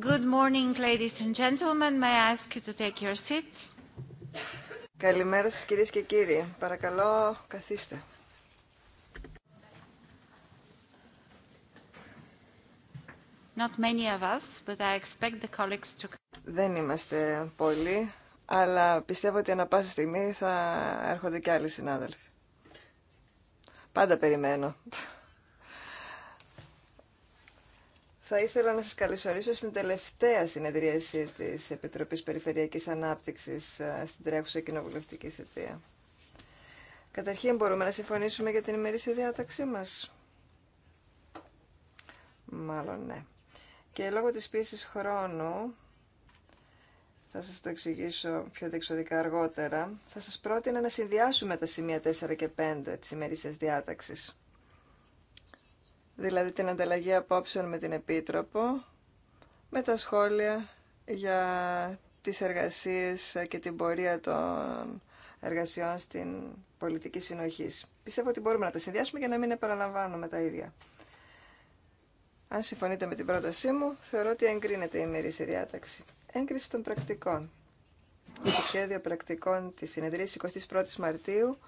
Good morning, ladies and gentlemen. May I ask you to take your seats? Καλημέρα σας κυρίες και κύριοι. Παρακαλώ, καθίστε. Not many of us, but I expect the colleagues to... Δεν είμαστε πολλοί, αλλά πιστεύω ότι ανα πάσα στιγμή θα έρχονται και άλλοι συνάδελφοι. Πάντα περιμένω. Θα ήθελα να σας καλωσορίσω στην τελευταία συνεδρίαση της Επιτροπής Περιφερειακής Ανάπτυξης ε, στην τρέχουσα κοινοβουλευτική θητεία. Καταρχήν μπορούμε να συμφωνήσουμε για την ημερήσια διάταξή μας. Μάλλον ναι. Και λόγω της πίεσης χρόνου, θα σας το εξηγήσω πιο δεξοδικά αργότερα, θα σας πρότεινα να συνδυάσουμε τα σημεία 4 και 5 της ημερήσιας διάταξης δηλαδή την ανταλλαγή απόψεων με την Επίτροπο, με τα σχόλια για τις εργασίες και την πορεία των εργασιών στην πολιτική συνοχή. Πιστεύω ότι μπορούμε να τα συνδυάσουμε για να μην επαναλαμβάνουμε τα ίδια. Αν συμφωνείτε με την πρότασή μου, θεωρώ ότι εγκρίνεται η σε διάταξη. Έγκριση των πρακτικών. Το σχέδιο πρακτικών της συνεδρίας 21 Μαρτίου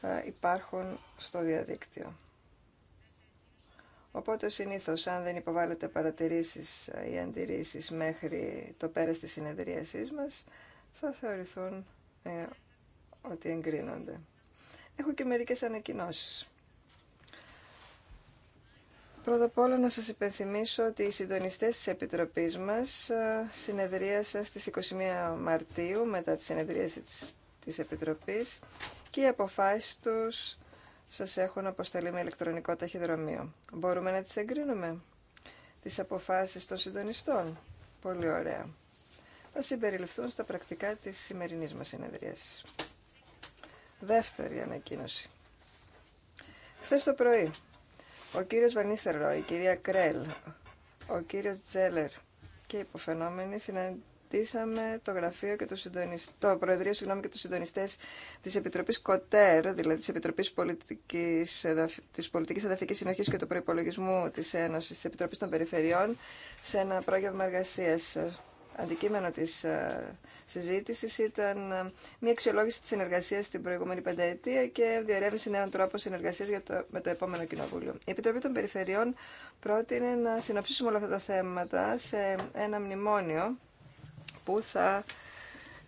ε, υπάρχουν στο διαδίκτυο. Οπότε συνήθω αν δεν υποβάλλετε παρατηρήσεις ή αντιρρήσει μέχρι το πέρας της συνεδρίασής μας θα θεωρηθούν ε, ότι εγκρίνονται. Έχω και μερικές ανακοινώσεις. Πρώτα απ' όλα να σας υπενθυμίσω ότι οι συντονιστές της Επιτροπής μας ε, συνεδρίασαν στις 21 Μαρτίου μετά τη συνεδρίαση της, της Επιτροπής και οι αποφάσεις τους σας έχουν αποστελεί με ηλεκτρονικό ταχυδρομείο. Μπορούμε να τις εγκρίνουμε. Τις αποφάσεις των συντονιστών. Πολύ ωραία. Θα συμπεριληφθούν στα πρακτικά της σημερινής μας συνεδρίας. Δεύτερη ανακοίνωση. Χθε το πρωί, ο κύριος Βανίστερο, η κυρία Κρέλ, ο κύριος Τζέλερ και οι υποφαινόμενοι συναντήθηκαν συζητήσαμε το γραφείο και το, το Προεδρείο συγγνώμη, και του συντονιστέ τη Επιτροπή ΚΟΤΕΡ, δηλαδή τη Επιτροπή Πολιτικής, της Πολιτικής και του Προπολογισμού τη Ένωση τη Επιτροπή των Περιφερειών, σε ένα πρόγευμα εργασία. Αντικείμενο της ε, συζήτηση ήταν ε, μια αξιολόγηση τη συνεργασία στην προηγούμενη πενταετία και διερεύνηση νέων τρόπων συνεργασία με το επόμενο Κοινοβούλιο. Η Επιτροπή των Περιφερειών πρότεινε να συνοψίσουμε όλα αυτά τα θέματα σε ένα μνημόνιο που θα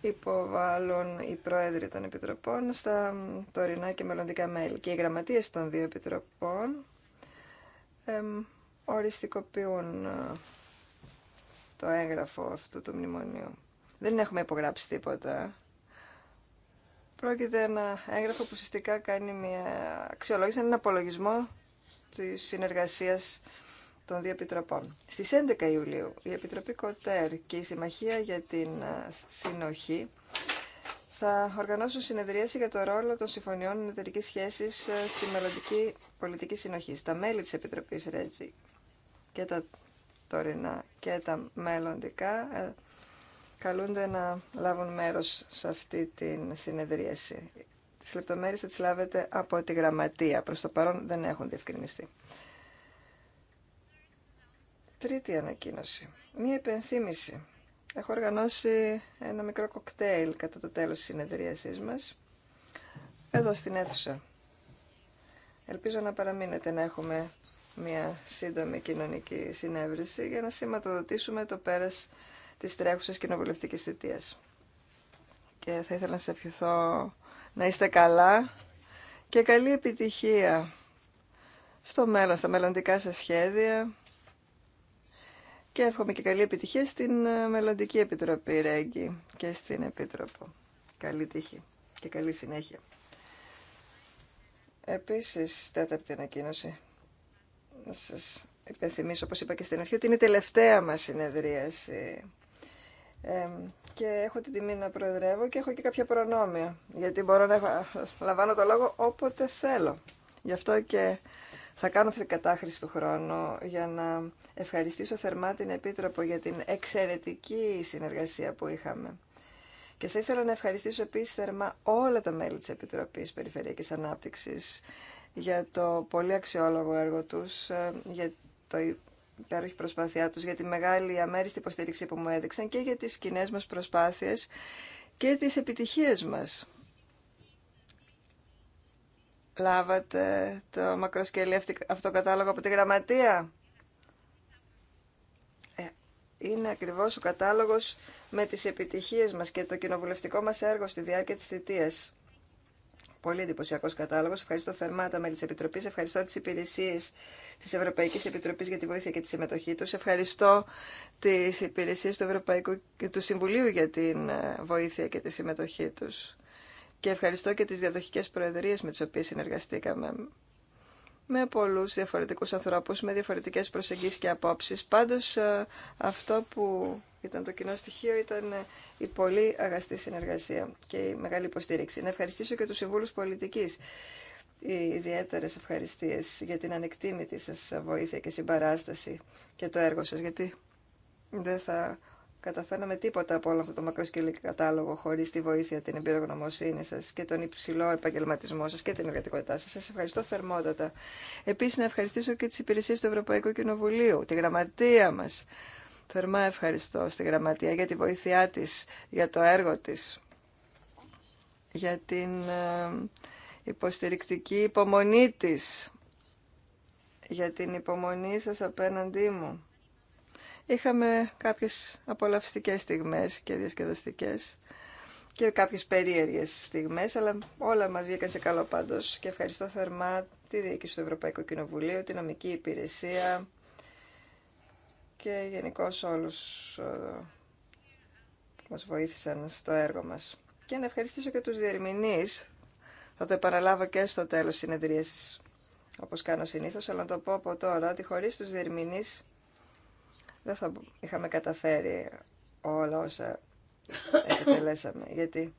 υποβάλλουν οι πρόεδροι των επιτροπών στα τωρινά και μελλοντικά μέλη. Και οι γραμματείες των δύο επιτροπών οριστικοποιούν ε, το έγγραφο αυτού του μνημονίου. Δεν έχουμε υπογράψει τίποτα. Πρόκειται ένα έγγραφο που ουσιαστικά κάνει μια αξιολόγηση, έναν απολογισμό της συνεργασίας των δύο επιτροπών. Στις 11 Ιουλίου η Επιτροπή Κοτέρ και η Συμμαχία για την ε, Συνοχή θα οργανώσουν συνεδρίαση για το ρόλο των συμφωνιών εταιρική σχέση ε, στη μελλοντική πολιτική συνοχή. Τα μέλη τη Επιτροπή Ρέτζι και τα τωρινά και τα μελλοντικά ε, καλούνται να λάβουν μέρος σε αυτή την συνεδρίαση. Τις λεπτομέρειες θα τις λάβετε από τη γραμματεία. Προς το παρόν δεν έχουν διευκρινιστεί. Τρίτη ανακοίνωση. Μία υπενθύμηση. Έχω οργανώσει ένα μικρό κοκτέιλ κατά το τέλος της συνεδρίασής μας, εδώ στην αίθουσα. Ελπίζω να παραμείνετε να έχουμε μια σύντομη κοινωνική να παραμεινετε να εχουμε μια συντομη κοινωνικη συνέβριση για να σηματοδοτήσουμε το πέρας της τρέχουσας κοινοβουλευτικής θητείας. Και θα ήθελα να σε ευχηθώ να είστε καλά και καλή επιτυχία στο μέλλον, στα μελλοντικά σας σχέδια και εύχομαι και καλή επιτυχία στην ε, Μελλοντική Επιτροπή Ρέγγι και στην Επίτροπο. Καλή τύχη και καλή συνέχεια. Επίσης, τέταρτη ανακοίνωση. Να σας υπενθυμίσω, όπως είπα και στην αρχή, ότι είναι η τελευταία μας συνεδρίαση. και έχω την τιμή να προεδρεύω και έχω και κάποια προνόμια, γιατί μπορώ να λαμβάνω το λόγο όποτε θέλω. Γι' αυτό και θα κάνω αυτή την κατάχρηση του χρόνου για να ευχαριστήσω θερμά την Επίτροπο για την εξαιρετική συνεργασία που είχαμε. Και θα ήθελα να ευχαριστήσω επίσης θερμά όλα τα μέλη της Επιτροπής Περιφερειακής Ανάπτυξης για το πολύ αξιόλογο έργο τους, ε, για το υπέροχη προσπάθειά τους, για τη μεγάλη αμέριστη υποστήριξη που μου έδειξαν και για τι κοινέ μα προσπάθειε και τι επιτυχίε μας. Λάβατε το μακροσκελή αυτό κατάλογο από τη γραμματεία. Ε, είναι ακριβώς ο κατάλογος με τις επιτυχίες μας και το κοινοβουλευτικό μας έργο στη διάρκεια της θητείας. Πολύ εντυπωσιακό κατάλογο. Ευχαριστώ θερμά τα μέλη τη Επιτροπή. Ευχαριστώ τι υπηρεσίε τη Ευρωπαϊκή Επιτροπή για τη βοήθεια και τη συμμετοχή του. Ευχαριστώ τι υπηρεσίε του Ευρωπαϊκού και του Συμβουλίου για την ε, βοήθεια και τη συμμετοχή του και ευχαριστώ και τις διαδοχικές προεδρίες με τις οποίες συνεργαστήκαμε με πολλούς διαφορετικούς ανθρώπους, με διαφορετικές προσεγγίσεις και απόψεις. Πάντως ε, αυτό που ήταν το κοινό στοιχείο ήταν ε, η πολύ αγαστή συνεργασία και η μεγάλη υποστήριξη. Να ευχαριστήσω και τους συμβούλους πολιτικής. Οι ιδιαίτερες ευχαριστίες για την ανεκτήμητη σας βοήθεια και συμπαράσταση και το έργο σας, γιατί δεν θα καταφέραμε τίποτα από όλο αυτό το μακροσκελή κατάλογο χωρί τη βοήθεια, την εμπειρογνωμοσύνη σα και τον υψηλό επαγγελματισμό σα και την εργατικότητά σα. Σα ευχαριστώ θερμότατα. Επίση, να ευχαριστήσω και τι υπηρεσίε του Ευρωπαϊκού Κοινοβουλίου, τη γραμματεία μα. Θερμά ευχαριστώ στη γραμματεία για τη βοήθειά τη, για το έργο τη, για την ε, υποστηρικτική υπομονή τη, για την υπομονή σας απέναντί μου Είχαμε κάποιες απολαυστικές στιγμές και διασκεδαστικές και κάποιες περίεργες στιγμές, αλλά όλα μας βγήκαν σε καλό πάντως και ευχαριστώ θερμά τη διοίκηση του Ευρωπαϊκού Κοινοβουλίου, τη νομική υπηρεσία και γενικώ όλους ε, που μας βοήθησαν στο έργο μας. Και να ευχαριστήσω και τους διερμηνείς, θα το επαναλάβω και στο τέλος συνεδρίασης, όπως κάνω συνήθως, αλλά να το πω από τώρα, ότι χωρίς τους διερμηνείς δεν θα είχαμε καταφέρει όλα όσα επιτελέσαμε. Γιατί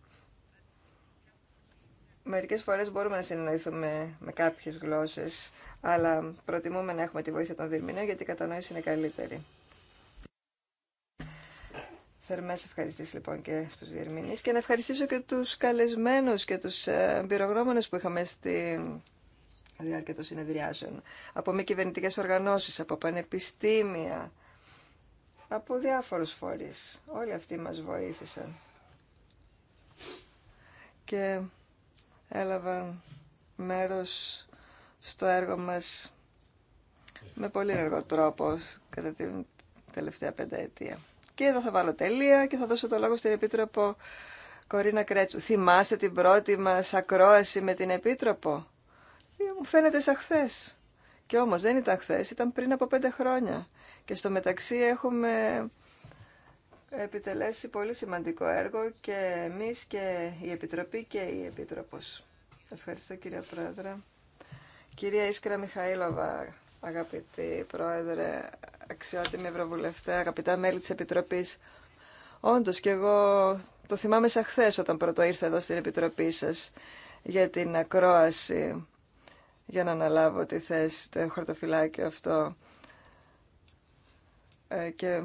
μερικές φορές μπορούμε να συνεννοηθούμε με κάποιες γλώσσες, αλλά προτιμούμε να έχουμε τη βοήθεια των διερμηνών, γιατί η κατανόηση είναι καλύτερη. Θερμές ευχαριστήσεις λοιπόν και στους διερμηνείς και να ευχαριστήσω και τους καλεσμένους και τους ε, εμπειρογνώμονες που είχαμε στη διάρκεια των συνεδριάσεων. Από μη κυβερνητικέ οργανώσεις, από πανεπιστήμια, από διάφορους φορείς. Όλοι αυτοί μας βοήθησαν. Και έλαβαν μέρος στο έργο μας με πολύ ενεργό τρόπο κατά την τελευταία πενταετία. Και εδώ θα βάλω τελεία και θα δώσω το λόγο στην Επίτροπο Κορίνα Κρέτσου. Θυμάστε την πρώτη μας ακρόαση με την Επίτροπο. Ε, μου φαίνεται σαν χθε. Και όμως δεν ήταν χθε, ήταν πριν από πέντε χρόνια. Και στο μεταξύ έχουμε επιτελέσει πολύ σημαντικό έργο και εμείς και η Επιτροπή και η Επίτροπος. Ευχαριστώ κυρία Πρόεδρε. Κυρία Ίσκρα Μιχαήλοβα, αγαπητή Πρόεδρε, αξιότιμη Ευρωβουλευτέ, αγαπητά μέλη της Επιτροπής. Όντως και εγώ το θυμάμαι σαν χθε όταν πρώτο ήρθα εδώ στην Επιτροπή σας για την ακρόαση για να αναλάβω τη θέση, το χορτοφυλάκιο αυτό ε, και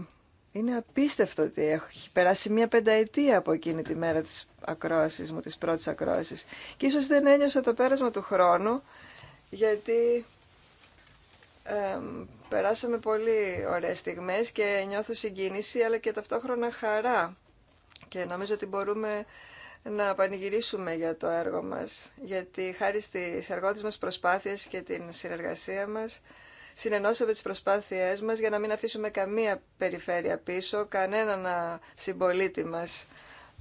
είναι απίστευτο ότι έχει περάσει μια πενταετία από εκείνη τη μέρα της ακρόασης μου, της πρώτης ακρόασης. Και ίσως δεν ένιωσα το πέρασμα του χρόνου, γιατί περάσαμε πολύ ωραίες στιγμές και νιώθω συγκίνηση, αλλά και ταυτόχρονα χαρά. Και νομίζω ότι μπορούμε να πανηγυρίσουμε για το έργο μας, γιατί χάρη στις εργότες μας προσπάθειες και την συνεργασία μας, συνενώσαμε τις προσπάθειές μας για να μην αφήσουμε καμία περιφέρεια πίσω, κανέναν συμπολίτη μας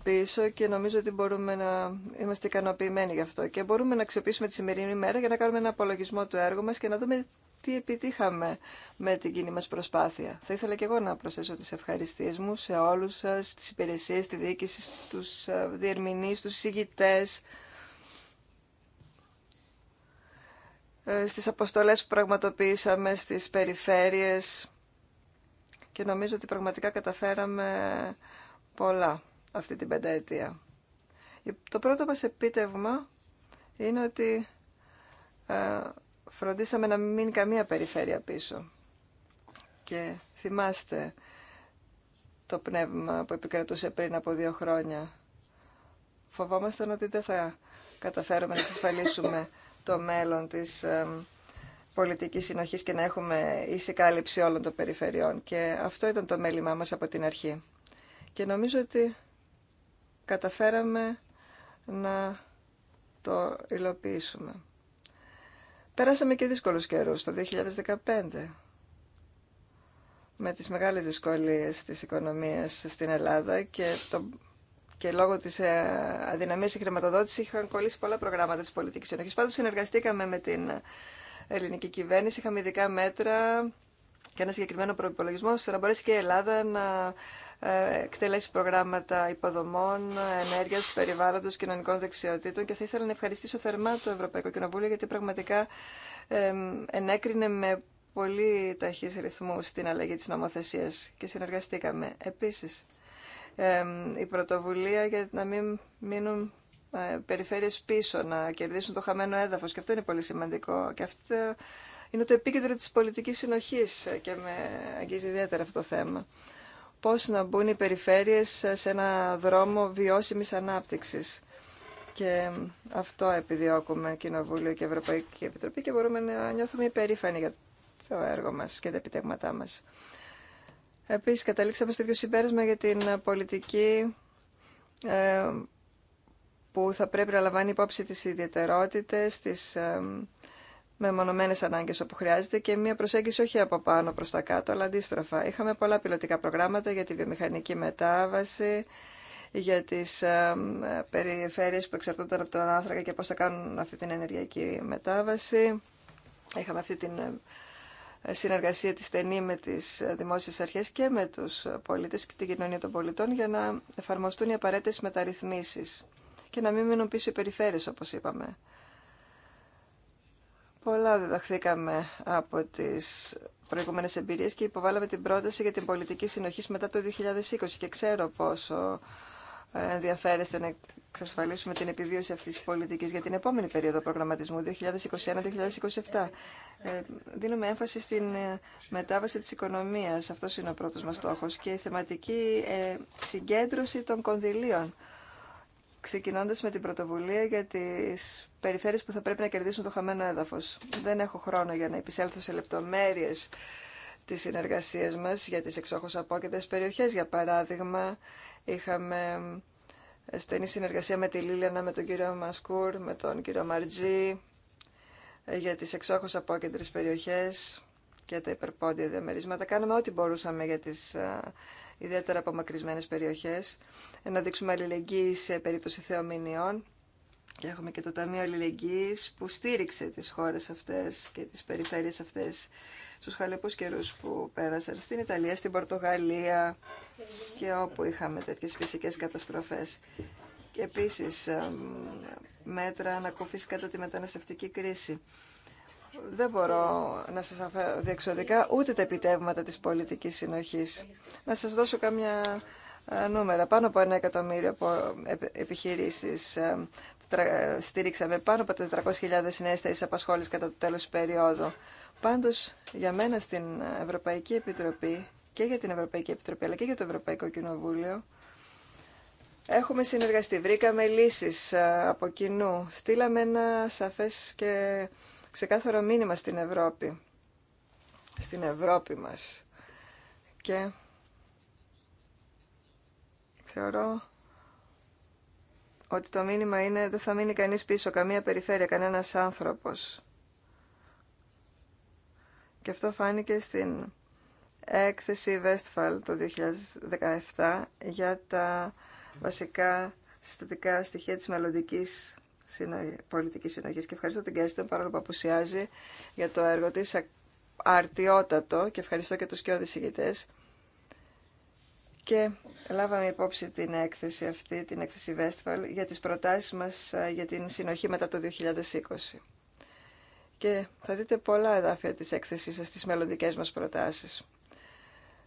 πίσω και νομίζω ότι μπορούμε να είμαστε ικανοποιημένοι γι' αυτό. Και μπορούμε να αξιοποιήσουμε τη σημερινή μέρα για να κάνουμε ένα απολογισμό του έργου μας και να δούμε τι επιτύχαμε με την κοινή μας προσπάθεια. Θα ήθελα και εγώ να προσθέσω τις ευχαριστίες μου σε όλους σας, τις υπηρεσίες, τη διοίκηση, τους ε, διερμηνείς, στους συγητές, Ε, στις αποστολές που πραγματοποιήσαμε στις περιφέρειες και νομίζω ότι πραγματικά καταφέραμε πολλά αυτή την πενταετία. Το πρώτο μας επίτευγμα είναι ότι ε, φροντίσαμε να μην μείνει καμία περιφέρεια πίσω. Και θυμάστε το πνεύμα που επικρατούσε πριν από δύο χρόνια. Φοβόμασταν ότι δεν θα καταφέρουμε να εξασφαλίσουμε το μέλλον της πολιτικής συνοχής και να έχουμε ίση κάλυψη όλων των περιφερειών. Και αυτό ήταν το μέλημά μας από την αρχή. Και νομίζω ότι καταφέραμε να το υλοποιήσουμε. Πέρασαμε και δύσκολους καιρούς το 2015 με τις μεγάλες δυσκολίες της οικονομίας στην Ελλάδα και το και λόγω τη ε, αδυναμία τη χρηματοδότηση είχαν κολλήσει πολλά προγράμματα τη πολιτική ενοχή. Πάντω, συνεργαστήκαμε με την ελληνική κυβέρνηση, είχαμε ειδικά μέτρα και ένα συγκεκριμένο προπολογισμό ώστε να μπορέσει και η Ελλάδα να ε, εκτελέσει προγράμματα υποδομών, ενέργεια, περιβάλλοντο, κοινωνικών δεξιοτήτων. Και θα ήθελα να ευχαριστήσω θερμά το Ευρωπαϊκό Κοινοβούλιο γιατί πραγματικά ενέκρινε με πολύ ταχύ ρυθμού την αλλαγή τη νομοθεσία και συνεργαστήκαμε. Επίση, η πρωτοβουλία για να μην μείνουν ε, περιφέρειες πίσω, να κερδίσουν το χαμένο έδαφος. Και αυτό είναι πολύ σημαντικό. Και αυτό είναι το επίκεντρο της πολιτικής συνοχής και με αγγίζει ιδιαίτερα αυτό το θέμα. Πώς να μπουν οι περιφέρειες σε ένα δρόμο βιώσιμης ανάπτυξης. Και αυτό επιδιώκουμε Κοινοβούλιο και Ευρωπαϊκή Επιτροπή και μπορούμε να νιώθουμε υπερήφανοι για το έργο μας και τα επιτέγματά μας. Επίσης καταλήξαμε στο ίδιο συμπέρασμα για την πολιτική ε, που θα πρέπει να λαμβάνει υπόψη τις ιδιαιτερότητες, τις ε, μεμονωμένες ανάγκες όπου χρειάζεται και μια προσέγγιση όχι από πάνω προς τα κάτω, αλλά αντίστροφα. Είχαμε πολλά πιλωτικά προγράμματα για τη βιομηχανική μετάβαση, για τις ε, περιφέρειες που εξαρτώνταν από τον άνθρακα και πώς θα κάνουν αυτή την ενεργειακή μετάβαση. Είχαμε αυτή την συνεργασία της στενή με τις δημόσιες αρχές και με τους πολίτες και την κοινωνία των πολιτών για να εφαρμοστούν οι απαραίτητες μεταρρυθμίσεις και να μην μείνουν πίσω οι περιφέρειες όπως είπαμε. Πολλά διδαχθήκαμε από τις προηγούμενες εμπειρίες και υποβάλαμε την πρόταση για την πολιτική συνοχής μετά το 2020 και ξέρω πόσο ενδιαφέρεστε να εξασφαλίσουμε την επιβίωση αυτής της πολιτικής για την επόμενη περίοδο προγραμματισμού 2021-2027. Ε, δίνουμε έμφαση στην ε, μετάβαση της οικονομίας. Αυτός είναι ο πρώτος μας στόχος. Και η θεματική ε, συγκέντρωση των κονδυλίων. Ξεκινώντας με την πρωτοβουλία για τις περιφέρειες που θα πρέπει να κερδίσουν το χαμένο έδαφος. Δεν έχω χρόνο για να επισέλθω σε λεπτομέρειες της συνεργασίας μας για τις εξόχως απόκεντες περιοχές. Για παράδειγμα, είχαμε ε, στενή συνεργασία με τη Λίλιανα, με τον κύριο Μασκούρ, με τον κύριο Μαρτζή, ε, για τις εξόχως απόκεντρες περιοχές και τα υπερπόντια διαμερίσματα. Κάναμε ό,τι μπορούσαμε για τις ε, ιδιαίτερα απομακρυσμένες περιοχές, να δείξουμε αλληλεγγύη σε περίπτωση θεομηνιών. Και έχουμε και το Ταμείο Αλληλεγγύης που στήριξε τις χώρες αυτές και τις περιφέρειες αυτές στους χαλεπούς καιρούς που πέρασαν στην Ιταλία, στην Πορτογαλία και όπου είχαμε τέτοιες φυσικές καταστροφές. Και επίσης μέτρα ανακούφιση κατά τη μεταναστευτική κρίση. Δεν μπορώ να σας αφαιρώ διεξοδικά ούτε τα επιτεύγματα της πολιτικής συνοχής. Να σας δώσω καμιά ε, νούμερα. Πάνω από ένα εκατομμύριο επιχειρήσεις στήριξαμε πάνω από 400.000 νέες κατά το τέλος περίοδου. Πάντως, για μένα στην Ευρωπαϊκή Επιτροπή και για την Ευρωπαϊκή Επιτροπή αλλά και για το Ευρωπαϊκό Κοινοβούλιο έχουμε συνεργαστεί, βρήκαμε λύσεις ε, από κοινού, στείλαμε ένα σαφές και ξεκάθαρο μήνυμα στην Ευρώπη, στην Ευρώπη μας και θεωρώ ότι το μήνυμα είναι δεν θα μείνει κανείς πίσω, καμία περιφέρεια, κανένας άνθρωπος. Και αυτό φάνηκε στην έκθεση Westphal το 2017 για τα βασικά συστατικά στοιχεία της μελλοντική πολιτικής συνοχής. Και ευχαριστώ την Κέστεν παρόλο που απουσιάζει για το έργο της αρτιότατο και ευχαριστώ και τους και οδησηγητές. Και λάβαμε υπόψη την έκθεση αυτή, την έκθεση Westphal, για τις προτάσεις μας ε, για την συνοχή μετά το 2020 και θα δείτε πολλά εδάφια της έκθεσής σας στις μελλοντικέ μας προτάσεις.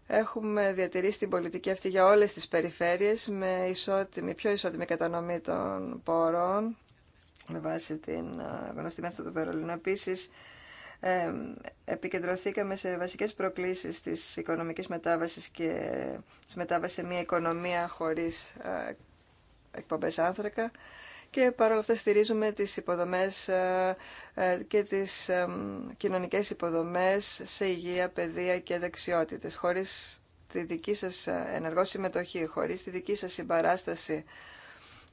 Έχουμε διατηρήσει την πολιτική αυτή για όλες τις περιφέρειες με ισότιμη, πιο ισότιμη κατανομή των πόρων με βάση την ε, γνωστή μέθοδο του Βερολίνου. Ε, επικεντρωθήκαμε σε βασικές προκλήσεις της οικονομικής μετάβασης και της μετάβασης σε μια οικονομία χωρίς ε, εκπομπές άνθρακα και παρόλα αυτά στηρίζουμε τις υποδομές ε, ε, και τις ε, κοινωνικές υποδομές σε υγεία, παιδεία και δεξιότητες, χωρίς τη δική σας ενεργό συμμετοχή, χωρίς τη δική σας συμπαράσταση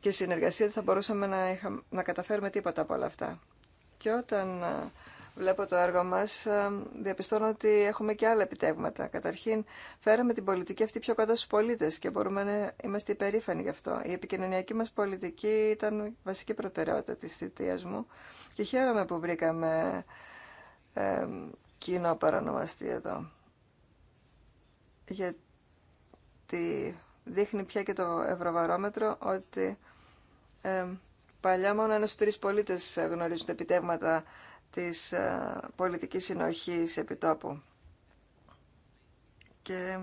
και συνεργασία δεν θα μπορούσαμε να, είχα, να καταφέρουμε τίποτα από όλα αυτά. Και όταν βλέπω το έργο μας, ε, διαπιστώνω ότι έχουμε και άλλα επιτεύγματα. Καταρχήν, φέραμε την πολιτική αυτή πιο κοντά στους πολίτες και μπορούμε να είμαστε υπερήφανοι γι' αυτό. Η επικοινωνιακή μας πολιτική ήταν βασική προτεραιότητα της θητείας μου και χαίρομαι που βρήκαμε ε, κοινό παρανομαστή εδώ. Γιατί δείχνει πια και το Ευρωβαρόμετρο ότι... Ε, παλιά μόνο ένας στους τρεις πολίτες γνωρίζουν τα επιτεύγματα της ε, πολιτικής συνοχής επιτόπου. Και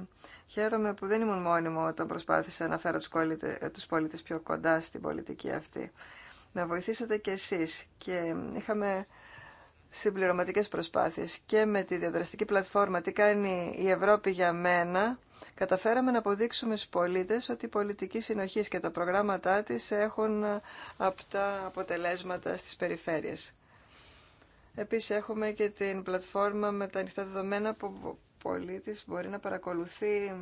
χαίρομαι που δεν ήμουν μου όταν προσπάθησα να φέρω ε, τους πολίτες πιο κοντά στην πολιτική αυτή. Με βοηθήσατε κι εσείς και είχαμε συμπληρωματικές προσπάθειες και με τη διαδραστική πλατφόρμα «Τι κάνει η Ευρώπη για μένα» καταφέραμε να αποδείξουμε στους πολίτες ότι η πολιτική συνοχή και τα προγράμματά της έχουν ε, απτά αποτελέσματα στις περιφέρειες. Επίσης έχουμε και την πλατφόρμα με τα ανοιχτά δεδομένα που ο πολίτης μπορεί να παρακολουθεί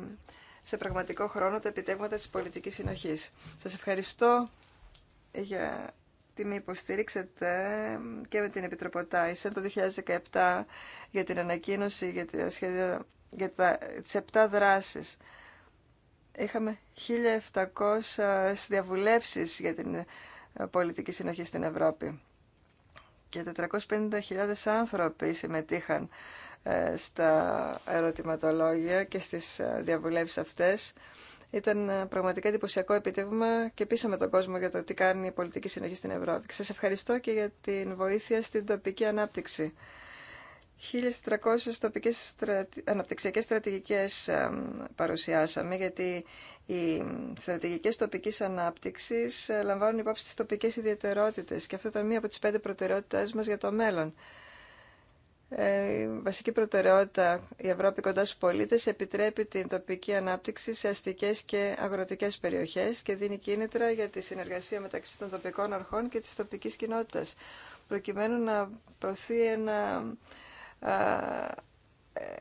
σε πραγματικό χρόνο τα επιτεύγματα της πολιτικής συνοχής. Σας ευχαριστώ για τη μη υποστήριξατε και με την Επιτροποτά. Σε το 2017 για την ανακοίνωση για, τη για τα, τις 7 δράσεις. Είχαμε 1.700 διαβουλεύσεις για την πολιτική συνοχή στην Ευρώπη και 450.000 άνθρωποι συμμετείχαν ε, στα ερωτηματολόγια και στις ε, διαβουλεύσεις αυτές. Ήταν ε, πραγματικά εντυπωσιακό επιτεύγμα και με τον κόσμο για το τι κάνει η πολιτική συνοχή στην Ευρώπη. Σας ευχαριστώ και για την βοήθεια στην τοπική ανάπτυξη 1.300 τοπικές στρατη... αναπτυξιακές στρατηγικές παρουσιάσαμε, γιατί οι στρατηγικές τοπικής ανάπτυξης ε, λαμβάνουν υπόψη τις τοπικές ιδιαιτερότητες και αυτό ήταν μία από τις πέντε προτεραιότητες μας για το μέλλον. Ε, η βασική προτεραιότητα η Ευρώπη κοντά στους πολίτες επιτρέπει την τοπική ανάπτυξη σε αστικές και αγροτικές περιοχές και δίνει κίνητρα για τη συνεργασία μεταξύ των τοπικών αρχών και της τοπικής κοινότητας προκειμένου να προωθεί ένα ε,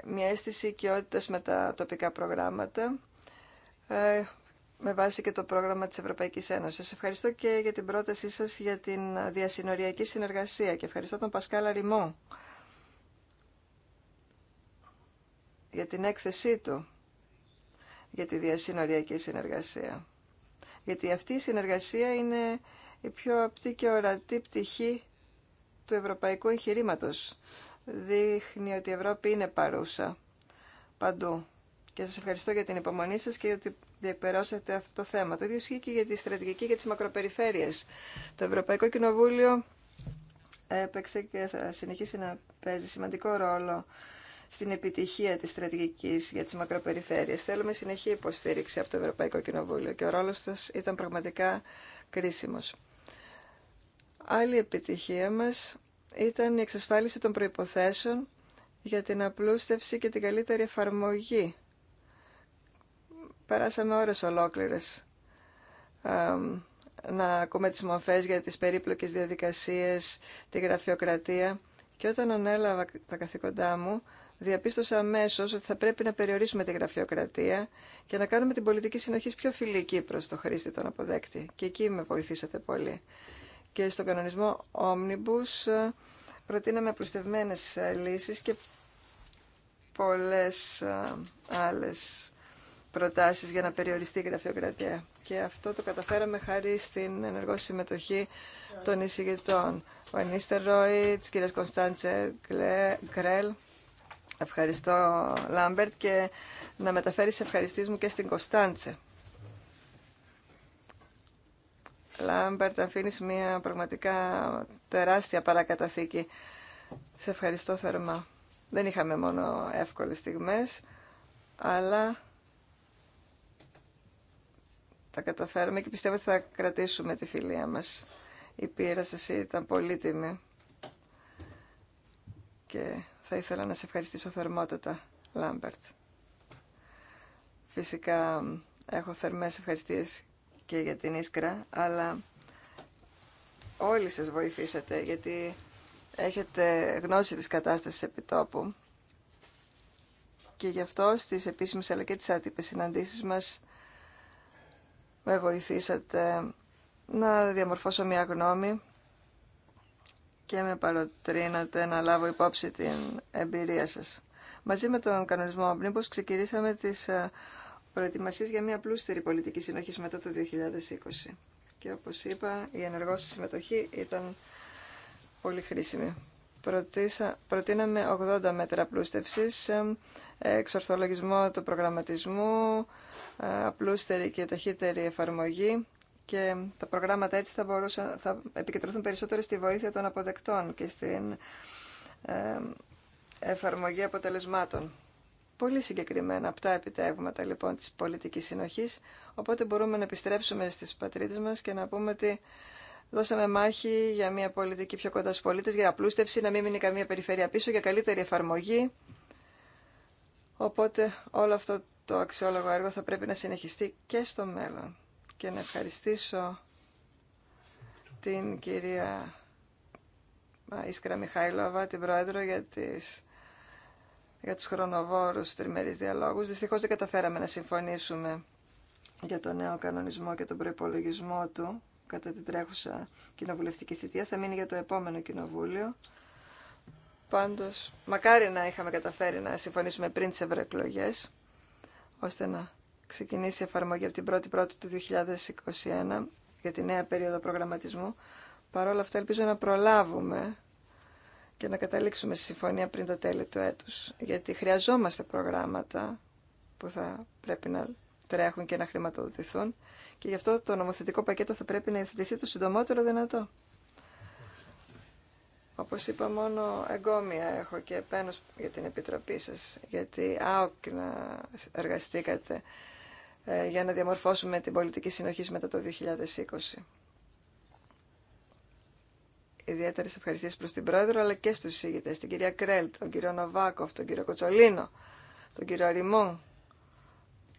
μια αίσθηση οικειότητας με τα τοπικά προγράμματα ε, με βάση και το πρόγραμμα της Ευρωπαϊκής Ένωσης. Ευχαριστώ και για την πρότασή σας για την διασυνοριακή συνεργασία και ευχαριστώ τον Πασκάλα Ριμό για την έκθεσή του για τη διασυνοριακή συνεργασία. Γιατί αυτή η συνεργασία είναι η πιο απτή και ορατή πτυχή του ευρωπαϊκού εγχειρήματο δείχνει ότι η Ευρώπη είναι παρούσα παντού. Και σας ευχαριστώ για την υπομονή σας και ότι διεκπαιρώσατε αυτό το θέμα. Το ίδιο ισχύει και για τη στρατηγική και τις μακροπεριφέρειες. Το Ευρωπαϊκό Κοινοβούλιο έπαιξε και θα συνεχίσει να παίζει σημαντικό ρόλο στην επιτυχία της στρατηγικής για τις μακροπεριφέρειες. Θέλουμε συνεχή υποστήριξη από το Ευρωπαϊκό Κοινοβούλιο και ο ρόλος σας ήταν πραγματικά κρίσιμος. Άλλη επιτυχία μας ήταν η εξασφάλιση των προϋποθέσεων για την απλούστευση και την καλύτερη εφαρμογή. Περάσαμε ώρες ολόκληρες να ακούμε τις μορφές για τις περίπλοκες διαδικασίες, τη γραφειοκρατία και όταν ανέλαβα τα καθήκοντά μου διαπίστωσα αμέσω ότι θα πρέπει να περιορίσουμε τη γραφειοκρατία και να κάνουμε την πολιτική συνοχή πιο φιλική προς το χρήστη, τον αποδέκτη. Και εκεί με βοηθήσατε πολύ και στον κανονισμό Omnibus ε, προτείναμε απλουστευμένες ε, λύσεις και πολλές ε, άλλες προτάσεις για να περιοριστεί η γραφειοκρατία. Και αυτό το καταφέραμε χάρη στην ενεργό συμμετοχή των εισηγητών. Ο Ενίστερ Ρόιτς, της Κωνσταντσε Γκρέλ, ευχαριστώ Λάμπερτ και να μεταφέρει σε μου και στην Κωνσταντσε. Λάμπερτ, αφήνει μια πραγματικά τεράστια παρακαταθήκη. Σε ευχαριστώ θερμά. Δεν είχαμε μόνο εύκολες στιγμές, αλλά τα καταφέρουμε και πιστεύω ότι θα κρατήσουμε τη φιλία μας. Η πείρα σας ήταν πολύτιμη και θα ήθελα να σε ευχαριστήσω θερμότατα, Λάμπερτ. Φυσικά έχω θερμές ευχαριστίες και για την Ίσκρα, αλλά όλοι σας βοηθήσατε γιατί έχετε γνώση της κατάστασης επιτόπου και γι' αυτό στις επίσημες αλλά και τις άτυπες συναντήσεις μας με βοηθήσατε να διαμορφώσω μια γνώμη και με παροτρύνατε να λάβω υπόψη την εμπειρία σας. Μαζί με τον κανονισμό Omnibus ξεκινήσαμε τις ε, προετοιμασίες για μια πλούστερη πολιτική συνοχή μετά το 2020. Και όπως είπα, η ενεργός συμμετοχή ήταν πολύ χρήσιμη. Προτίσα, προτείναμε 80 μέτρα πλούστευσης, ε, εξορθολογισμό του προγραμματισμού, ε, πλούστερη και ταχύτερη εφαρμογή και τα προγράμματα έτσι θα, μπορούσαν, θα επικεντρωθούν περισσότερο στη βοήθεια των αποδεκτών και στην ε, εφαρμογή αποτελεσμάτων. Πολύ συγκεκριμένα από τα επιτεύγματα λοιπόν της πολιτικής συνοχής, οπότε μπορούμε να επιστρέψουμε στις πατρίδες μας και να πούμε ότι δώσαμε μάχη για μια πολιτική πιο κοντά στους πολίτες, για απλούστευση, να μην μείνει καμία περιφέρεια πίσω, για καλύτερη εφαρμογή. Οπότε όλο αυτό το αξιόλογο έργο θα πρέπει να συνεχιστεί και στο μέλλον. Και να ευχαριστήσω την κυρία Ίσκρα Μιχάηλοβα, την Πρόεδρο, για τις για τους χρονοβόρους τριμερείς διαλόγους. Δυστυχώς δεν καταφέραμε να συμφωνήσουμε για τον νέο κανονισμό και τον προϋπολογισμό του κατά την τρέχουσα κοινοβουλευτική θητεία. Θα μείνει για το επόμενο κοινοβούλιο. Πάντως, μακάρι να είχαμε καταφέρει να συμφωνήσουμε πριν τις ευρωεκλογέ, ώστε να ξεκινήσει η εφαρμογή από την 1η Πρώτη του 2021 για τη νέα περίοδο προγραμματισμού. Παρ' όλα αυτά ελπίζω να προλάβουμε και να καταλήξουμε στη συμφωνία πριν τα τέλη του έτους. Γιατί χρειαζόμαστε προγράμματα που θα πρέπει να τρέχουν και να χρηματοδοτηθούν και γι' αυτό το νομοθετικό πακέτο θα πρέπει να υιοθετηθεί το συντομότερο δυνατό. Όπως είπα μόνο εγκόμια έχω και επένος για την Επιτροπή σας, γιατί άοκνα εργαστήκατε ε, για να διαμορφώσουμε την πολιτική συνοχή μετά το 2020 ιδιαίτερε ευχαριστίε προ την πρόεδρο αλλά και στου ηγητέ, την κυρία Κρέλ, τον κύριο Νοβάκοφ, τον κύριο Κοτσολίνο, τον κύριο Αριμό,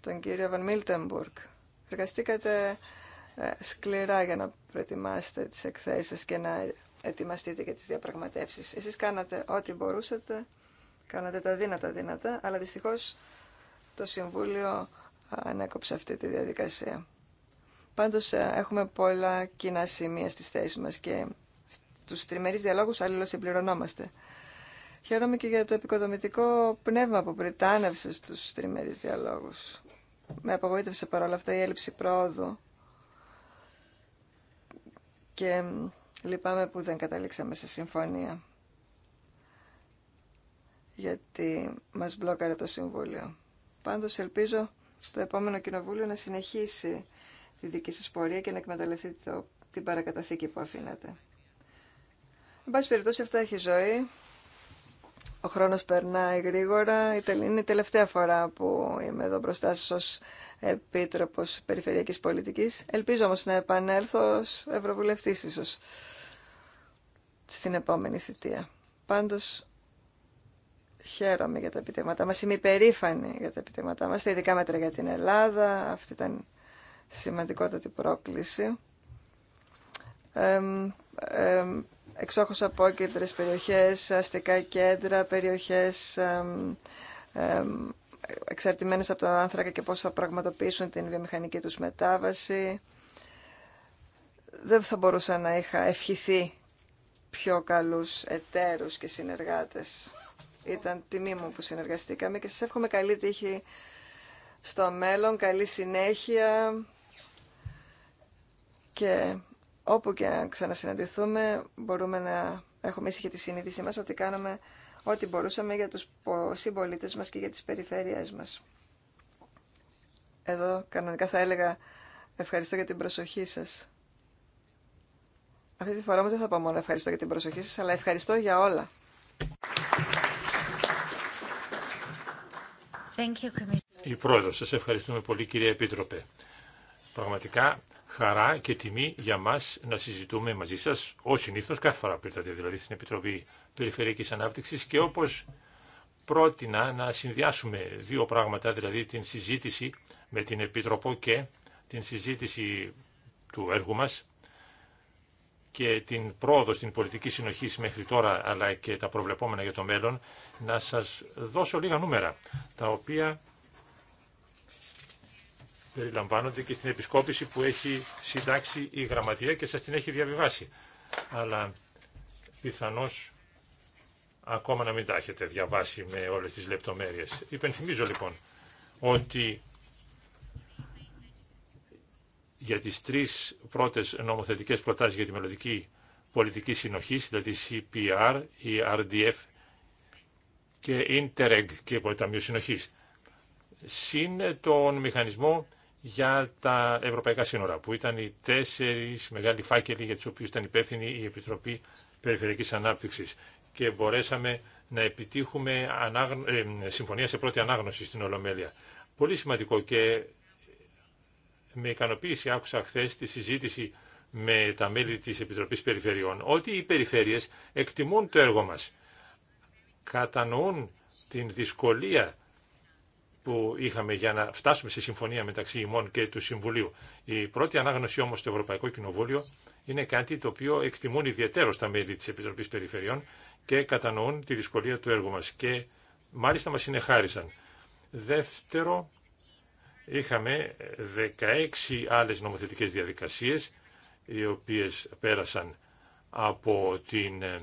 τον κύριο Βαν Μίλτεμπουργκ. Εργαστήκατε ε, σκληρά για να προετοιμάσετε τι εκθέσει και να ετοιμαστείτε για τι διαπραγματεύσει. Εσείς κάνατε ό,τι μπορούσατε, κάνατε τα δύνατα δύνατα, αλλά δυστυχώ το Συμβούλιο ανέκοψε αυτή τη διαδικασία. Πάντως ε, έχουμε πολλά κοινά σημεία στις θέσεις μας και τους τριμερείς διαλόγους αλληλοσυμπληρωνόμαστε. Χαίρομαι και για το επικοδομητικό πνεύμα που πριτάνευσε στους τριμερείς διαλόγους. Με απογοήτευσε παρόλα αυτά η έλλειψη πρόοδου και λυπάμαι που δεν καταλήξαμε σε συμφωνία γιατί μας μπλόκαρε το Συμβούλιο. Πάντως ελπίζω το επόμενο Κοινοβούλιο να συνεχίσει τη δική σας πορεία και να εκμεταλλευτεί το, την παρακαταθήκη που αφήνατε. Εν πάση περιπτώσει αυτά έχει ζωή. Ο χρόνος περνάει γρήγορα. Είναι η τελευταία φορά που είμαι εδώ μπροστά σας ως Επίτροπος Περιφερειακής Πολιτικής. Ελπίζω όμως να επανέλθω ως Ευρωβουλευτής ίσως στην επόμενη θητεία. Πάντως χαίρομαι για τα επιτέγματά μας. Είμαι υπερήφανη για τα επιτέγματά μας. Τα ειδικά μέτρα για την Ελλάδα. Αυτή ήταν σημαντικότατη πρόκληση εξόχως απόκεντρες περιοχές, αστικά κέντρα, περιοχές εξαρτημένες από το άνθρακα και πώς θα πραγματοποιήσουν την βιομηχανική τους μετάβαση. Δεν θα μπορούσα να είχα ευχηθεί πιο καλούς εταίρους και συνεργάτες. Ήταν τιμή μου που συνεργαστήκαμε και σας εύχομαι καλή τύχη στο μέλλον, καλή συνέχεια και όπου και αν ξανασυναντηθούμε μπορούμε να έχουμε ήσυχη τη συνείδησή μας ότι κάναμε ό,τι μπορούσαμε για τους συμπολίτε μας και για τις περιφέρειές μας. Εδώ κανονικά θα έλεγα ευχαριστώ για την προσοχή σας. Αυτή τη φορά όμως δεν θα πω μόνο ευχαριστώ για την προσοχή σας, αλλά ευχαριστώ για όλα. Η πρόεδρος, σας ευχαριστούμε πολύ κυρία Επίτροπε. Πραγματικά χαρά και τιμή για μας να συζητούμε μαζί σας, ως συνήθως κάθε φορά που ήρθατε δηλαδή στην Επιτροπή Περιφερειακής Ανάπτυξης και όπως πρότεινα να συνδυάσουμε δύο πράγματα, δηλαδή την συζήτηση με την Επιτροπό και την συζήτηση του έργου μας και την πρόοδο στην πολιτική συνοχή μέχρι τώρα αλλά και τα προβλεπόμενα για το μέλλον, να σας δώσω λίγα νούμερα, τα οποία περιλαμβάνονται και στην επισκόπηση που έχει συντάξει η γραμματεία και σας την έχει διαβιβάσει. Αλλά πιθανώς ακόμα να μην τα έχετε διαβάσει με όλες τις λεπτομέρειες. Υπενθυμίζω λοιπόν ότι για τις τρεις πρώτες νομοθετικές προτάσεις για τη μελλοντική πολιτική συνοχή, δηλαδή CPR, η e RDF και Interreg και Ταμείο Συνοχής, συν τον μηχανισμό για τα ευρωπαϊκά σύνορα, που ήταν οι τέσσερι μεγάλοι φάκελοι για του οποίου ήταν υπεύθυνη η Επιτροπή Περιφερειακής ανάπτυξη. και μπορέσαμε να επιτύχουμε ε, συμφωνία σε πρώτη ανάγνωση στην Ολομέλεια. Πολύ σημαντικό και με ικανοποίηση άκουσα χθε τη συζήτηση με τα μέλη της Επιτροπής Περιφερειών ότι οι περιφέρειες εκτιμούν το έργο μας, κατανοούν την δυσκολία που είχαμε για να φτάσουμε σε συμφωνία μεταξύ ημών και του Συμβουλίου. Η πρώτη ανάγνωση όμως στο Ευρωπαϊκό Κοινοβούλιο είναι κάτι το οποίο εκτιμούν ιδιαίτερο τα μέλη της Επιτροπής Περιφερειών και κατανοούν τη δυσκολία του έργου μας και μάλιστα μας συνεχάρισαν. Δεύτερο, είχαμε 16 άλλες νομοθετικές διαδικασίες οι οποίες πέρασαν από την ε,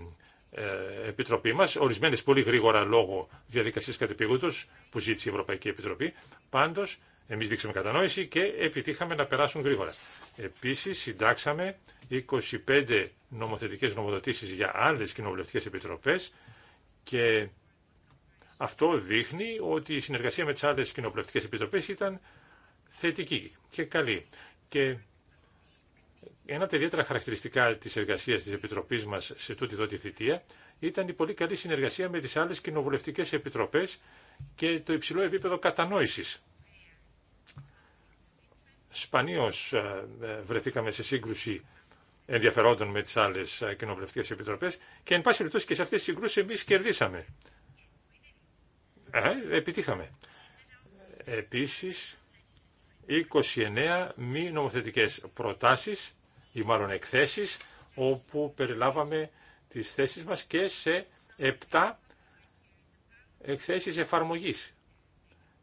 ε, Επιτροπή μας, ορισμένες πολύ γρήγορα λόγω διαδικασία κατεπίγοντο που ζήτησε η Ευρωπαϊκή Επιτροπή. Πάντως, εμείς δείξαμε κατανόηση και επιτύχαμε να περάσουν γρήγορα. Επίσης, συντάξαμε 25 νομοθετικές νομοδοτήσει για άλλε κοινοβουλευτικέ επιτροπές και αυτό δείχνει ότι η συνεργασία με τι άλλε κοινοβουλευτικέ επιτροπέ ήταν θετική και καλή. Και ένα από τα ιδιαίτερα χαρακτηριστικά τη εργασία τη Επιτροπή μα σε τούτη εδώ τη θητεία ήταν η πολύ καλή συνεργασία με τι άλλε κοινοβουλευτικέ επιτροπέ και το υψηλό επίπεδο κατανόηση. Σπανίω ε, ε, βρεθήκαμε σε σύγκρουση ενδιαφερόντων με τι άλλε κοινοβουλευτικέ επιτροπέ και εν πάση περιπτώσει και σε αυτέ τι συγκρούσει εμεί κερδίσαμε. Ε, επιτύχαμε. Επίσης, 29 μη νομοθετικές προτάσεις ή μάλλον εκθέσεις όπου περιλάβαμε τις θέσεις μας και σε έπτα εκθέσεις εφαρμογής.